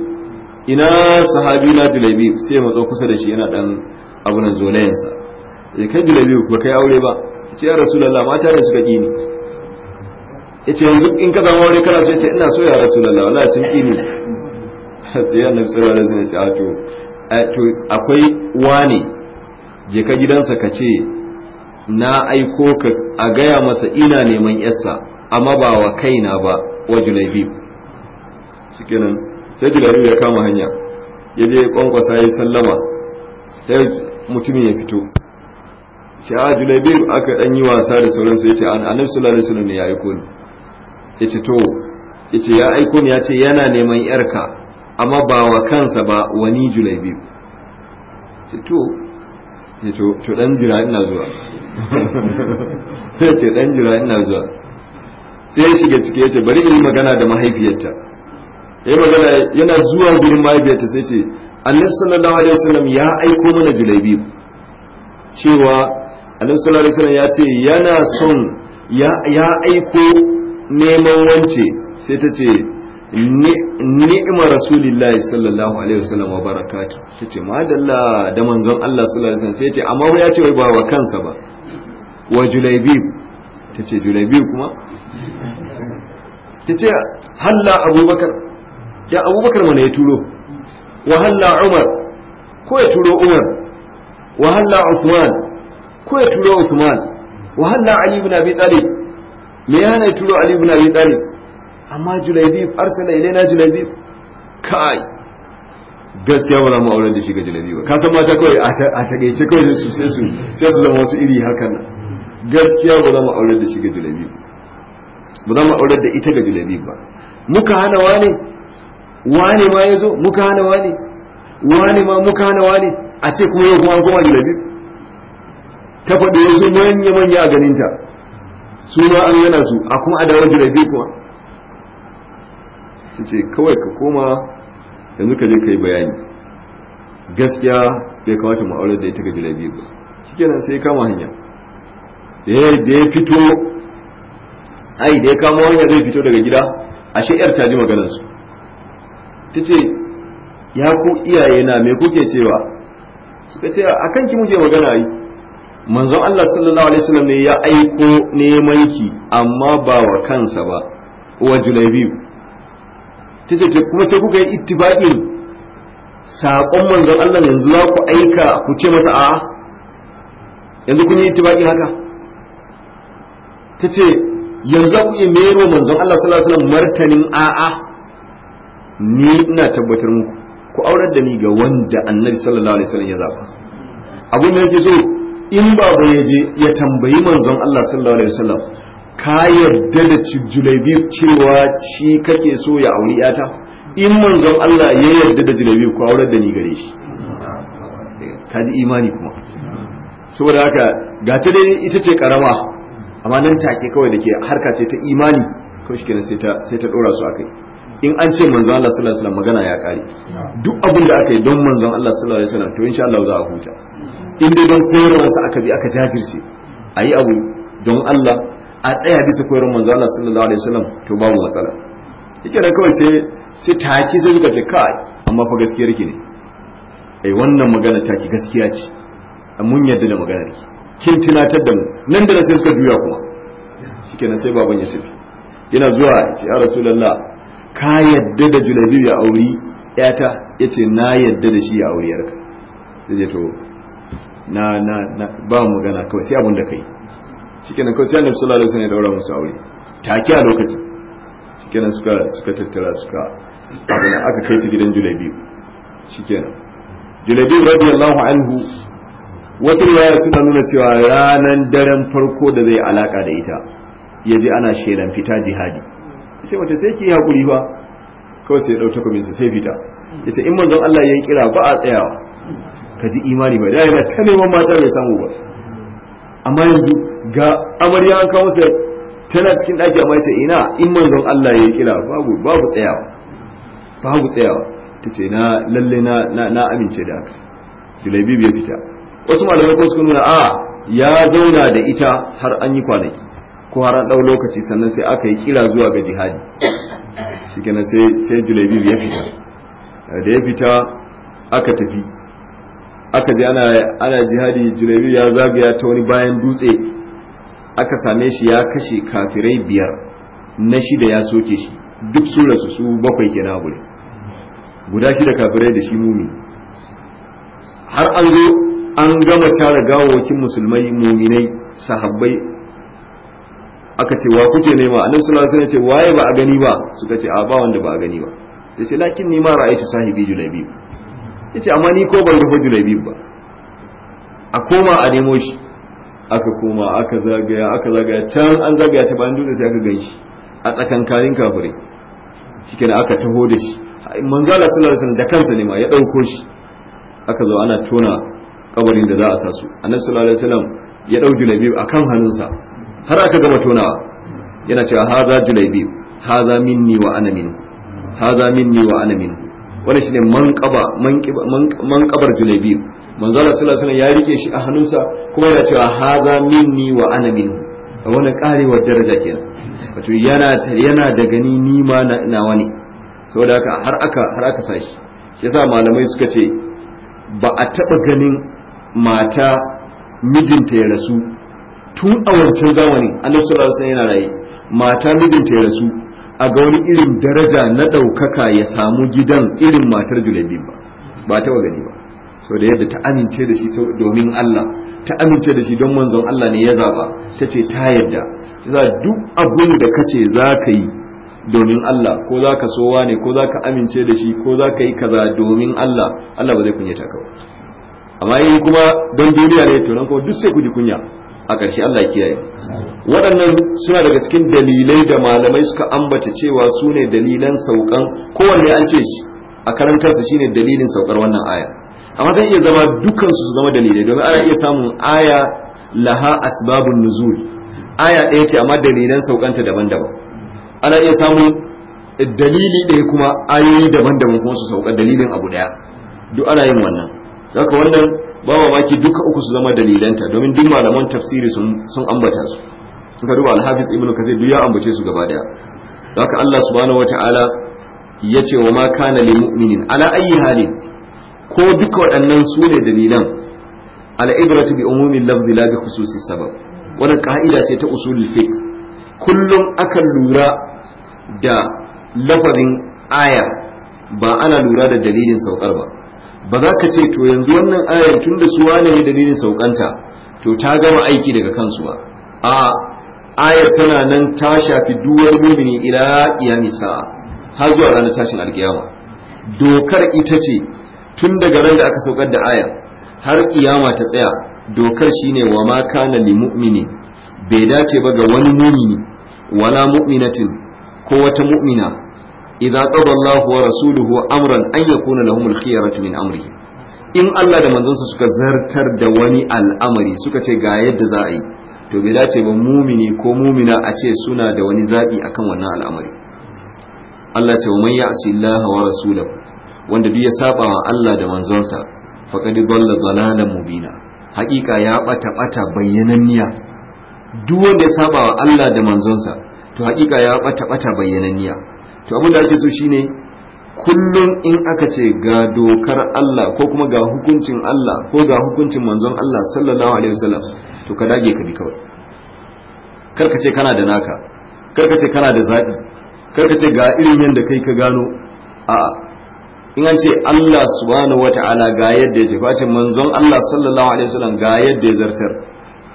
S1: ina sahabi na julaibib sai ya matso kusa da shi yana dan abunan zolayen sa ya eh, kai julaibib ba kai aure ba ce ya rasulullahi mata da suka kini yace yanzu in ka zama wuri kana so yace ina so ya rasulullah wallahi sun ki ni sai annabi sallallahu alaihi wasallam ya ce a to akwai wani je ka gidansa ka ce na aiko ka a gaya masa ina neman yarsa amma ba wa kaina ba wa junaibi shikenan sai junaibi ya kama hanya ya je kwankwasa ya sallama sai mutumin ya fito shi a junaibi aka dan yi wasa da sauransu ya ce annabi sallallahu alaihi wasallam ne ya aiko ni yace to yace ya aiko ni yace yana neman yarka amma ba wa kansa ba wani julaibi yace to yace to dan jira ina zuwa sai dan jira ina zuwa sai ya shiga ciki yace bari in yi magana da mahaifiyarta yayi magana yana zuwa gurin mahaifiyarta sai ce annabi sallallahu alaihi wasallam ya aiko mana julaibi cewa annabi sallallahu alaihi wasallam ya ce yana son ya aiko neman wance sai ta ce ni'ima Rasulillah sallallahu alaihi wasallam wa barakatu ta ce madalla da manzon Allah sallallahu alaihi wasallam sai ce amma ya ce wai ba wa kansa ba wa julaibib ta ce julaibib kuma ta ce halla abubakar ya abubakar mana ya turo wa halla umar ko ya turo umar wa halla usman ko ya turo usman wa halla ali ibn abi talib me ya hana turo ali ibn abi Tsari amma julaibib arsala ilaina julaibib kai gaskiya ba za mu auren da shi ga julaibib ba ka san mata kawai a takaice kawai su sai su sai su zama wasu iri hakan gaskiya ba za mu auren da shi ga julaibib ba za mu auren da ita ga julaibib ba muka hana wane wane ma yazo muka hana wane wane ma muka hana wane a ce kuma yau kuma an koma julaibib ta faɗi wasu manya-manya a ta. su ma an yana su a kuma adawar jirage kuma su ce kawai ka koma yanzu ka je ka yi bayani gaskiya bai kawata ma'aurar da ita ga jirage ba kenan sai ya kama hanya da ya fito ai da ya kama hanya zai fito daga gida ashe yar ta ji maganarsu ta ce ya ku iyaye na me kuke cewa suka ce a kan ki muke magana yi manzon Allah sallallahu alaihi wasallam ne ya aiko neman ki amma ba wa kansa ba wa julaibi tace ce kuma sai kuka yi ittifaqin saƙon manzon Allah yanzu za ku aika ku ce masa a yanzu kun yi ittifaqi haka tace yanzu za ku iya mero manzon Allah sallallahu alaihi wasallam martanin a'a ni ina tabbatar muku ku aurar da ni ga wanda annabi sallallahu alaihi wasallam ya zaba abin da yake so in ba ya je ya tambayi manzon Allah sallallahu alaihi wasallam ka yarda da julaibi cewa shi kake so ya auri yata in manzon Allah ya yarda da julaibi ku aure da ni gare shi ka ji imani kuma saboda haka ga ta dai ita ce karama amma nan take kawai da ke harka ce ta imani ko shi kenan sai ta sai ta dora su akai in an ce manzon Allah sallallahu alaihi wasallam magana ya kare duk abin da aka yi don manzon Allah sallallahu alaihi wasallam to insha Allah za a huta in dai don koyarwarsa aka bi aka jajirce a yi abu don Allah a tsaya bisa koyarwar manzo Allah sallallahu alaihi wasallam to babu matsala yake da kawai sai sai taki zai ga ta kai amma fa gaskiyar ki ne ai wannan magana taki gaskiya ce mun yadda da maganar ki kin tunatar da mu nan da sai suka juya kuma shikenan sai baban ya tafi yana zuwa ya ce rasulullah ka yadda da julabi ya auri yata yace na yadda da shi ya auri yarka sai to na na ba mu magana kawai sai abin da kai shikenan kawai sai annabi sallallahu alaihi wasallam ya daura musu aure take a lokacin shikenan suka suka tattara suka abin aka kai ta gidan Julaibi nan Julaibi radiyallahu anhu wasu riwaya suna nuna cewa ranan daren farko da zai alaka da ita ya ji ana shelan fita jihadi ce mace sai ki hakuri ba kawai sai ya ɗau takobinsa sai fita ya ce in manzon Allah ya yi kira ba a tsayawa ka ji imani mai da yana ta neman mata bai samu ba amma yanzu ga amarya an kawo sai tana cikin ɗaki amma sai ina in manzon Allah ya yi kira babu babu tsayawa babu tsayawa ta ce na lalle na na amince da haka julabi bai fita wasu malamai ko suka nuna a ya zauna da ita har an yi kwanaki ko har an ɗau lokaci sannan sai aka yi kira zuwa ga jihadi shi sai sai julabi ya fita da ya fita aka tafi aka je ana jihadi junabi ya zagaya ta wani bayan dutse aka same shi ya kashe kafirai biyar na shida ya soke shi duk sun rasu su bakwai kenan abu guda shida kafirai da shi mumi har an zo an gama tara gawawakin musulmai muminai sahabbai aka ce wa kuke nema annabi sallallahu alaihi wasallam ce waye ba a gani ba suka ce a ba wanda ba a gani ba sai ce lakin ni ma ra'aytu sahibi junabi yace amma ni ko ban rufe julabib ba a koma a nemo shi aka koma aka zagaya aka zagaya can an zagaya ta bayan dole sai aka ganshi a tsakankanin kafirai shikenan aka taho da shi manzo Allah sallallahu alaihi wasallam da kansa ne ma ya dauko shi aka zo ana tona kabarin da za a sa su annabi sallallahu alaihi wasallam ya dau a akan hannunsa har aka gama tonawa yana cewa haza julabib haza minni wa ana minhu haza minni wa ana minhu wannan shine manqaba manqabar julaybi manzo Allah sallallahu alaihi ya rike shi a hannunsa kuma yana cewa haza minni wa ana minhu wannan karewar daraja kenan wato yana yana da gani ni ma na wani saboda haka har aka har aka sashi yasa malamai suka ce ba a taba ganin mata mijinta ya rasu tun a wancan zamanin annabi sallallahu alaihi yana raye mata mijinta ya rasu a ga wani irin daraja na ɗaukaka ya samu gidan irin matar julabib ba ba ta gani ba so da yadda ta amince da shi domin Allah ta amince da shi don manzon Allah ne ya zaba ta ce ta yadda za duk abin da ka ce za ka yi domin Allah ko za ka sowa ne ko za ka amince da shi ko za ka yi kaza domin Allah Allah ba zai kunyata ta ba amma yi kuma don duniya ne to nan ko duk sai ku ji kunya a ƙarshe Allah kiyaye waɗannan suna daga cikin dalilai da malamai suka ambata cewa su ne dalilan saukan kowanne an ce shi a karan kansa shine dalilin saukar wannan aya amma zai iya zama dukansu su zama dalilai domin ana iya samun aya laha asbabun nuzul aya ɗaya ce amma dalilan saukanta daban-daban ana iya samun dalili ɗaya kuma ayoyi daban-daban kuma su sauka dalilin abu ɗaya duk ana yin wannan zaka wannan ba mamaki duka uku su zama dalilanta domin duk malaman tafsiri sun ambata su suka duba alhafiz ibnu kazi duk ya ambace su gaba daya haka Allah subhanahu wataala ya ce wa ma kana lil mu'minin ala ayi halin ko duka waɗannan su ne dalilan al ibratu bi umumin lafzi la bi khususi sabab wannan ka'ida ce ta usulul fiqh kullum akan lura da lafazin aya ba ana lura da dalilin saukar ba ba za ka ce to yanzu wannan ayar tun da su wane ne dalilin saukanta to ta gama aiki daga kansu ba a ayar tana nan ta shafi duwar mumini ila iyamisa har zuwa ranar tashin alkiyama dokar ita ce tun daga ran da aka saukar da ayar har kiyama ta tsaya dokar shine wa ma kana mummini mu'mini bai dace ba ga wani mumini wala mu'minatin ko wata mu'mina idza qada Allah wa rasuluhu amran an yakuna lahum al-khiyaratu min amrihim in Allah da manzonsa suka zartar da wani al'amari suka ce ga yadda za a yi to bai dace ba mumini ko mumina a ce suna da wani zabi akan wannan al'amari Allah ce wa man ya'si Allah wa rasulahu wanda duk ya saba wa Allah da manzonsa faqad dhalla dhalalan mubina haƙiƙa ya bata bata bayyananniya duk wanda ya saba wa Allah da manzonsa to haƙiƙa ya bata bata bayyananniya to abin da ake so shine kullum in aka ce ga dokar Allah ko kuma ga hukuncin Allah ko ga hukuncin manzon Allah sallallahu alaihi wasallam to ka dage ka bi kawai Kar ka ce kana da naka Kar ka ce kana da zaɓi ka ce ga irin yadda kai ka gano a in an ce Allah subhanahu wata'ala ga yadda ya ce face manzon Allah sallallahu alaihi wasallam ga yadda ya zartar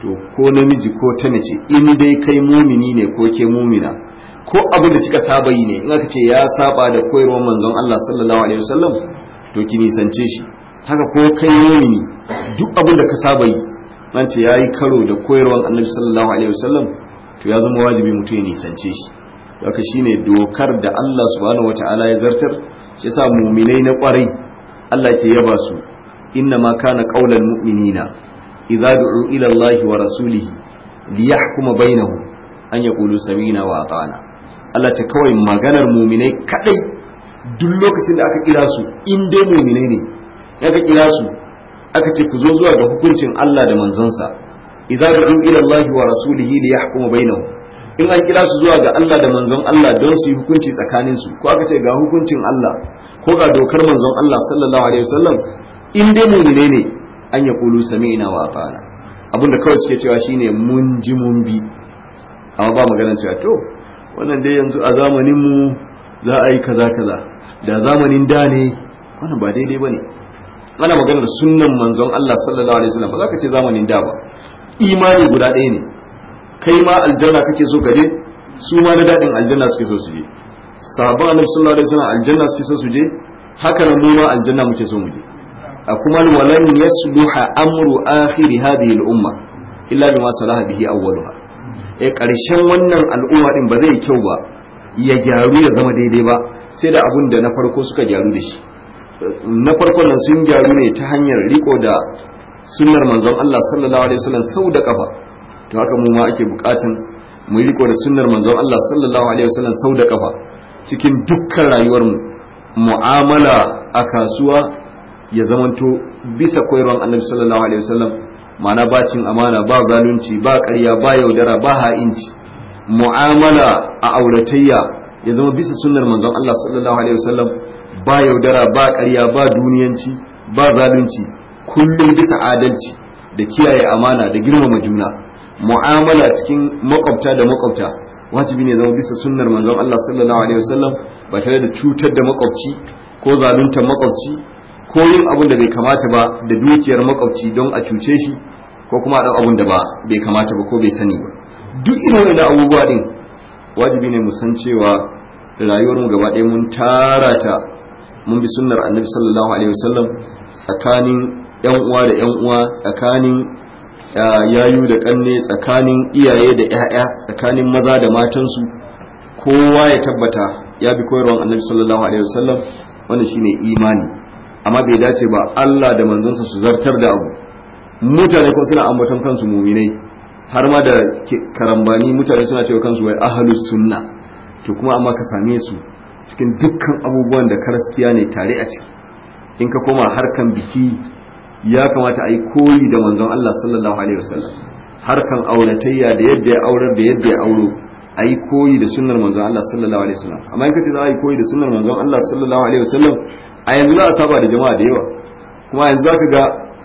S1: to ko namiji ko ta mace in dai kai mumini ne ko ke mumina ko abin da kika saba yi ne in aka ce ya saba da koyarwar manzon Allah sallallahu alaihi wasallam to ki nisance shi haka ko kai mumini duk abin da ka saba yi an ce yayi karo da koyarwar Annabi sallallahu alaihi wasallam to ya zama wajibi mutum ya nisance shi haka shine dokar da Allah subhanahu wataala ya zartar shi yasa muminai na kwarai Allah ke yaba su inna ma kana qaulan mu'minina idza du'u ila Allah wa rasulihi liyahkuma bainahum an yaqulu sami'na wa ata'na Allah ta kawai maganar muminai kadai duk lokacin da aka kira su in dai muminai ne aka kira su aka ce ku zo zuwa ga hukuncin Allah da manzansa idza du'u ila Allah wa rasulihi li yahkuma bainahum in an kira su zuwa ga Allah da manzon Allah don su yi hukunci tsakanin su ko aka ce ga hukuncin Allah ko ga dokar manzon Allah sallallahu alaihi wasallam in dai muminai ne an kulu sami'na wa ata'na abinda kawai suke cewa shine mun ji mun bi amma ba maganar cewa to wannan dai yanzu a zamaninmu mu za a yi kaza kaza da zamanin da ne wannan ba daidai ba ne. ana maganar sunnan manzon Allah sallallahu alaihi wasallam ba za ka ce zamanin da ba imani guda ɗaya ne kai ma aljanna kake so gaje su ma na daɗin aljanna suke so su je sahabban annabi sallallahu alaihi wasallam aljanna suke so su je haka nan mu ma aljanna muke so mu je a kuma walan yasluha amru akhir hadhihi al-umma illa bima salaha bihi awwaluha eh ƙarshen wannan al'umma din ba zai kyau ba ya gyaru ya zama daidai ba sai da abun da na farko suka gyaru da shi na farko nan sun gyaru ne ta hanyar riko da sunnar manzon Allah sallallahu alaihi wasallam sau da kafa to haka mu ma ake bukatun mu riko da sunnar manzon Allah sallallahu alaihi wasallam sau da kafa cikin dukkan rayuwar mu mu'amala a kasuwa ya zamanto bisa koyarwar annabi sallallahu alaihi wasallam ma'ana bacin amana ba zalunci ba ƙarya ba yaudara ba ha'inci mu'amala a auratayya ya zama bisa sunnar manzon Allah sallallahu alaihi wasallam ba yaudara ba ƙarya ba duniyanci ba zalunci kullum bisa adalci da kiyaye amana da girmama juna mu'amala cikin makwabta da makwabta wajibi ne zama bisa sunnar manzon Allah sallallahu alaihi wasallam ba tare da cutar da makwabci ko zaluntar makwabci ko yin abin da bai kamata ba da dukiyar makwabci don a cuce shi ko kuma a abin da ba bai kamata ba ko bai sani ba duk irin wani abubuwa din wajibi ne mu san cewa rayuwar mu gaba ɗaya mun tara ta mun bi sunnar annabi sallallahu alaihi wasallam tsakanin yan uwa da yan uwa tsakanin yayu da kanne tsakanin iyaye da ƴaƴa tsakanin maza da matansu kowa ya tabbata ya bi koyarwan annabi sallallahu alaihi wasallam wannan shine imani amma bai dace ba Allah da manzansa su zartar da abu mutane kuma suna ambaton kansu muminai har ma da karambani mutane suna cewa kansu wai ahlus sunna to kuma amma ka same su cikin dukkan abubuwan da karaskiya ne tare a ciki in ka koma harkan biki ya kamata a yi koyi da manzon Allah sallallahu alaihi wasallam harkan auratayya da yadda ya aurar da yadda ya auro a yi koyi da sunnar manzon Allah sallallahu alaihi wasallam amma in ka ce za a yi koyi da sunnar manzon Allah sallallahu alaihi wasallam a yanzu za a saba da jama'a da yawa kuma yanzu zaka ga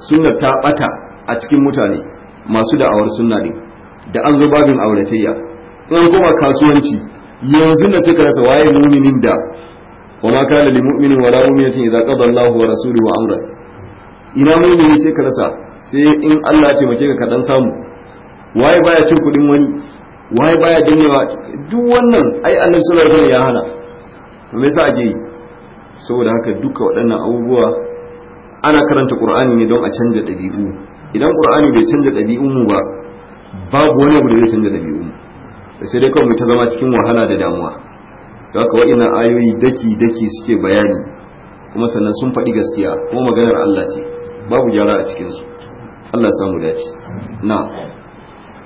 S1: sunna ta bata a cikin mutane masu da'awar sunna ne da an zo babin auratayya in kuma kasuwanci yanzu na suka rasa waye muminin da wa ma kana lil mu'mini wa la mu'minatin idza qada Allahu wa rasuluhu amra ina mumini sai ka rasa sai in Allah ya mace ka kadan samu waye baya cin kudin wani waye baya danewa duk wannan ai annabi sallallahu alaihi wasallam ya hana me yasa ake yi saboda haka duka waɗannan abubuwa ana karanta ƙur'ani ne don a canja ɗabi'u idan ƙur'ani bai canja ɗabi'unmu mu ba babu wani abu da zai canja ɗabi'unmu mu sai dai kawai mu ta zama cikin wahala da damuwa da haka waɗannan ayoyi daki daki suke bayani kuma sannan sun faɗi gaskiya kuma maganar Allah ce babu gyara a cikinsu Allah samu dace na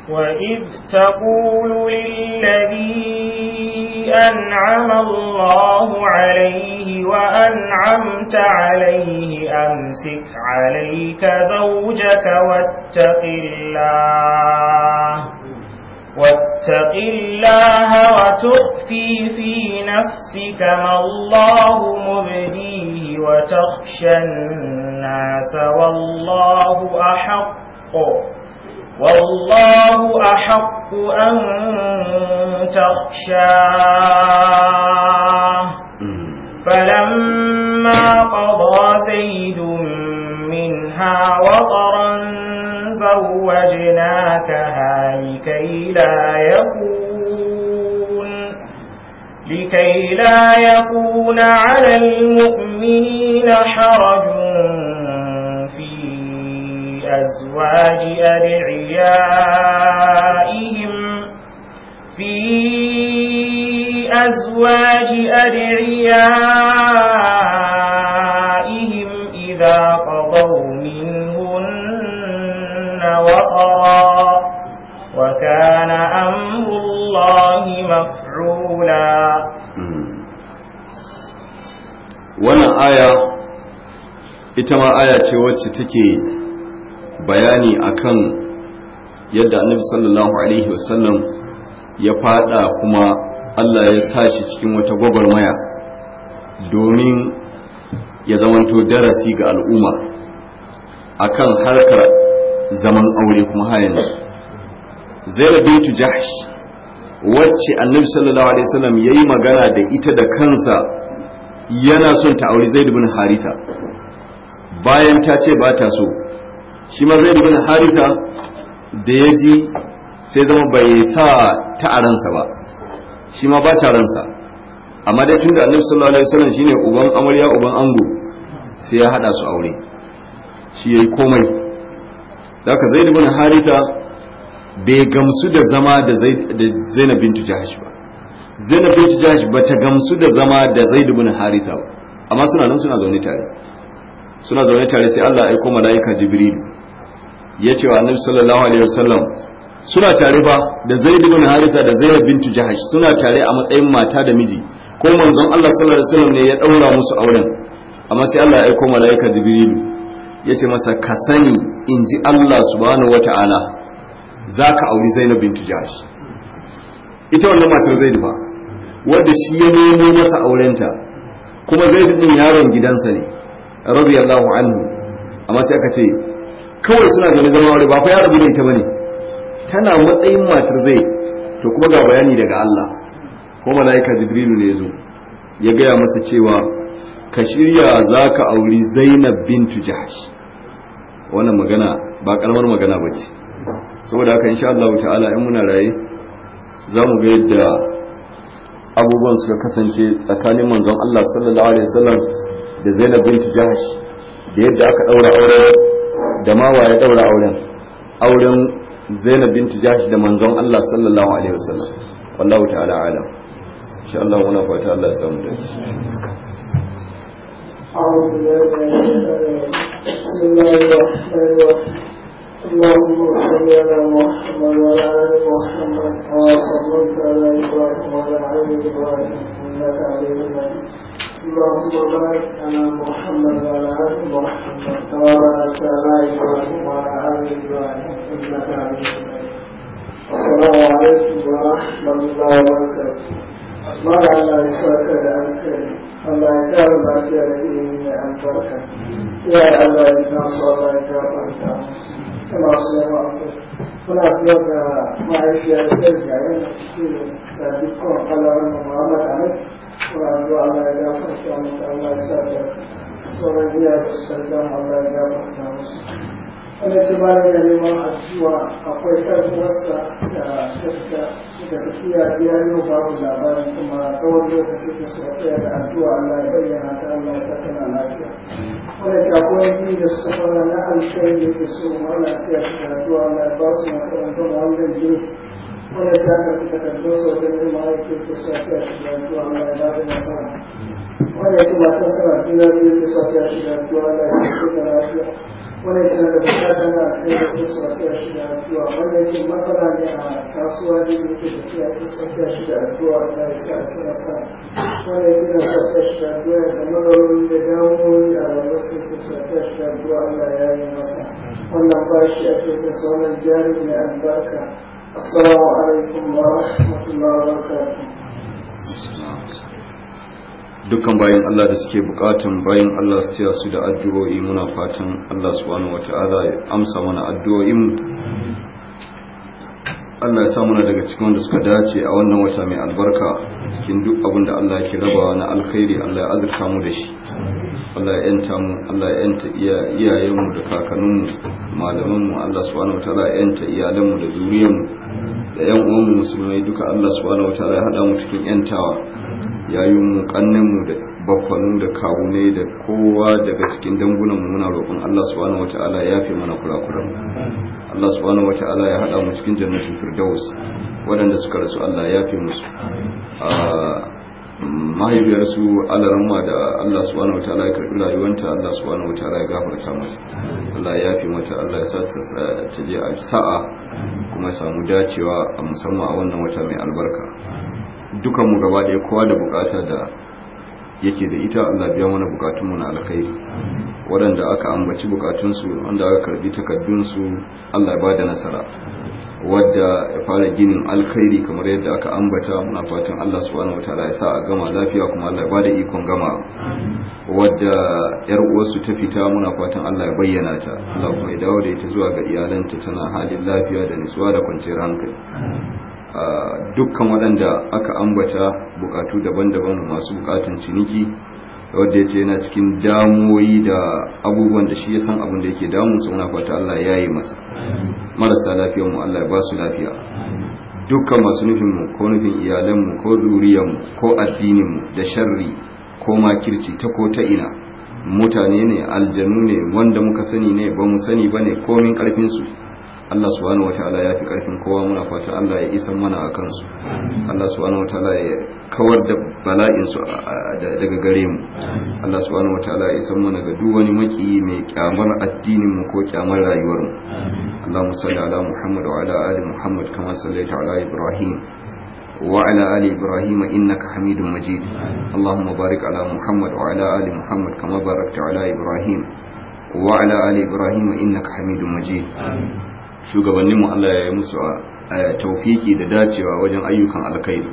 S2: وإذ تقول للذي أنعم الله عليه وأنعمت عليه أمسك عليك زوجك واتق الله واتق الله وتخفي في نفسك ما الله مبديه وتخشى الناس والله أحق والله
S3: أحق
S2: أن تخشاه فلما قضى زيد منها وطرا زوجناكها لكي لا يكون لكي لا يكون على المؤمنين حرج الأزواج أدعيائهم في أزواج أدعيائهم إذا قضوا منهن وطرا وكان أمر الله مفعولا
S1: wannan aya ita ma aya ce wacce take bayani akan yadda annabi sallallahu alaihi wasallam ya fada kuma Allah ya sa shi cikin wata gwagwarmaya domin ya zamanto darasi ga al'umma akan harkar zaman aure kuma hayan zainab bintu jahsh wacce annabi sallallahu alaihi wasallam yayi magana da ita da kansa yana son ta auri zaid bin haritha bayan ta ce ba ta so shi ma zai rubuta harisa da ya ji sai zama bai sa ta a ransa ba shi ma ba ta ransa amma dai tun da annabi sallallahu alaihi wasallam shine uban amarya uban ango sai ya hada su aure shi yayi komai daga zai rubuta harisa bai gamsu da zama da zainab bintu jahash ba zainab bintu jahash ba ta gamsu da zama da zaid bin harisa ba amma suna nan suna zaune tare suna zaune tare sai Allah ya aika malaika jibril ya ce wa annabi sallallahu alaihi wasallam suna tare ba da zaid bin harisa da zainab bintu jahash suna tare a matsayin mata da miji ko manzon Allah sallallahu alaihi wasallam ne ya daura musu auren amma sai Allah ya aika malaika jibril ya ce masa ka sani in ji Allah subhanahu wata'ala zaka auri zainab bintu jahash ita wannan matar zaid ba wanda shi ya nemo masa aurenta kuma zaid din yaron gidansa ne radiyallahu anhu amma sai aka ce kawai suna zaune zama aure ba fa ya rabu ita bane tana matsayin matar zai to kuma ga bayani daga Allah ko malaika jibrilu ne zo. ya gaya masa cewa ka shirya zaka auri Zainab bintu Jahsh wannan magana ba karamar magana ba bace saboda haka insha Allah ta'ala in muna raye za mu ga yadda abubuwan suka kasance tsakanin manzon Allah sallallahu alaihi wasallam da Zainab bintu Jahsh da yadda aka daura auren da ma waye daura auren auren Zainab binti Jahsh da manzon Allah sallallahu alaihi wasallam wallahu ta'ala alam insha Allah muna fata Allah ya samu dace
S3: اللهم صل على محمد وعلى ال محمد كما على ابراهيم وعلى ال ابراهيم انك اللهم بارك على محمد وعلى آل محمد كما باركت على إبراهيم وعلى آل إبراهيم إنك حميد السلام عليكم ورحمة الله وبركاته ما على إسراك الأمكان الله يتعلم ما في أيديهم أن تركه يا الله إنك صلى الله عليه كما صلى الله ولا أفضل ما عيش يا أستاذ يعني تذكر قال أنه محمد عليه muna zuwa Allah ya da sauran biya da suka riga Allah ya akwai ƙarfinsa da tafka da tafiya biya yau babu labarin kuma tsawon lokaci da su tsaya da addu'a Allah ya bayyana ta Allah ya sa tana lafiya Wani ce akwai da su fara na alkhairi da ke so wanda ce addu'a Allah ya ba su nasarar يسلم التكدس وتنعيم عليه تلك الصفات التي على عبادنا صالح وليس ما تسمع فيها تلك الصفات التي على سيدنا العافية وليس لك حسنا تلك الصفات التي وليس مثلا لها كاسوا تلك الصفات التي على سيدنا صالح وليس لك الصفات التي تمر بدوم على وصف الصفات التي على عبادنا صالح ولم باشئ تلك الصفات الجانب من البركة dukkan
S1: bayan Allah da suke bukatun bayan Allah su tiya su da addu'o'i muna fatan Allah subhanahu wata'ala ya amsa mana addu'o'in Allah ya sa daga cikin wanda suka dace a wannan wata mai albarka cikin duk abin da Allah ke rabawa na alkhairi Allah ya azurta mu da shi Allah ya yanta mu Allah ya yanta iyayenmu da kakanninmu malamanmu Allah subhanahu wata'ala ya yanta iyalanmu da zuriyarmu da yan uwan musulmai duka Allah subhanahu wataala ya hada mu cikin yantawa yayin mu kannin mu da bakwanu da kawune da kowa daga cikin dangunan mu muna roƙon Allah subhanahu wataala ya fi mana kurakuran Allah subhanahu wataala ya hada mu cikin jannatin firdaus waɗanda suka rasu Allah ya fi musu ah, mahaifiyarsu alarma da Allah subhanahu wataala ya karbi rayuwanta Allah subhanahu wataala ya gafarta mata Allah ya fi mata Allah ya sa ta je a sa'a kuma samu dacewa a musamman a wannan wata mai albarka dukan mu gaba ɗaya kowa da bukata da yake da ita Allah biya mana bukatun mu na alkhairi waɗanda aka ambaci bukatunsu wanda aka karbi takardunsu Allah ba da nasara wadda ya fara ginin alkhairi kamar yadda aka ambata muna fatan Allah subhanahu wataala ya sa a gama lafiya kuma Allah ya ba da ikon gama wadda yar uwarsu ta fita muna fatan Allah ya bayyana ta Allah kuma ya dawo da ita zuwa ga iyalanta tana halin lafiya da nutsuwa da kwanciyar hankali dukkan waɗanda aka ambata bukatu daban-daban masu bukatun ciniki wadda ya ce yana cikin damoyi da abubuwan da shi ya san abin da yake damun sa wani fata Allah ya yi masa marasa lafiyar mu Allah ya ba su lafiya dukkan masu nufin mu ko nufin iyalan mu ko zuriyar mu ko addinin mu da sharri ko makirci ta ko ta ina mutane ne aljanu ne wanda muka sani ne ba mu sani bane komin karfin su Allah subhanahu wataala ya fi karfin kowa muna fata Allah ya isa mana a kansu Allah subhanahu wataala ya kawar da bala'insu daga gare mu Allah subhanahu wataala ya san mana ga duk wani maki mai kyamar addinin mu ko kyamar rayuwar mu Allahumma salli ala Muhammad wa ala ali Muhammad kama sallaita ala Ibrahim وعلى آل إبراهيم إنك حميد مجيد اللهم بارك على محمد ali muhammad kama كما باركت ibrahim إبراهيم وعلى آل إبراهيم إنك حميد مجيد شو قبل Allah ya يا musu. Eh, taufiki da dacewa wajen ayyukan alkhairi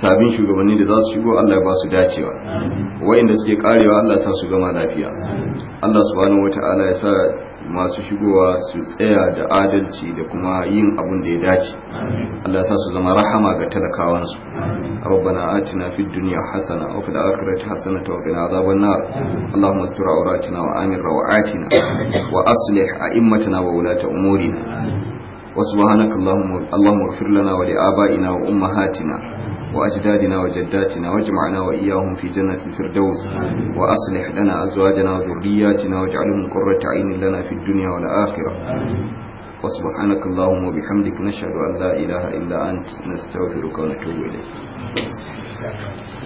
S1: sabin shugabanni da za su shigo Allah ba su dacewa da suke karewa Allah sa su gama lafiya Allah subhanahu wata'ala ya sa masu shigowa su tsaya da adalci da kuma yin abin da ya dace Allah ya sa su zama rahama ga talakawansu ربنا آتنا في الدنيا حسنة وفي الآخرة حسنة وقنا عذاب النار اللهم استر عوراتنا وآمن روعاتنا وأصلح أئمتنا وولاة أمورنا وسبحانك اللهم اللهم اغفر لنا ولآبائنا وأمهاتنا وأجدادنا وجداتنا واجمعنا وإياهم في جنة الفردوس وأصلح لنا أزواجنا وذرياتنا واجعلهم قرة عين لنا في الدنيا والآخرة وسبحانك اللهم وبحمدك نشهد أن لا إله إلا أنت نستغفرك ونتوب
S4: إليك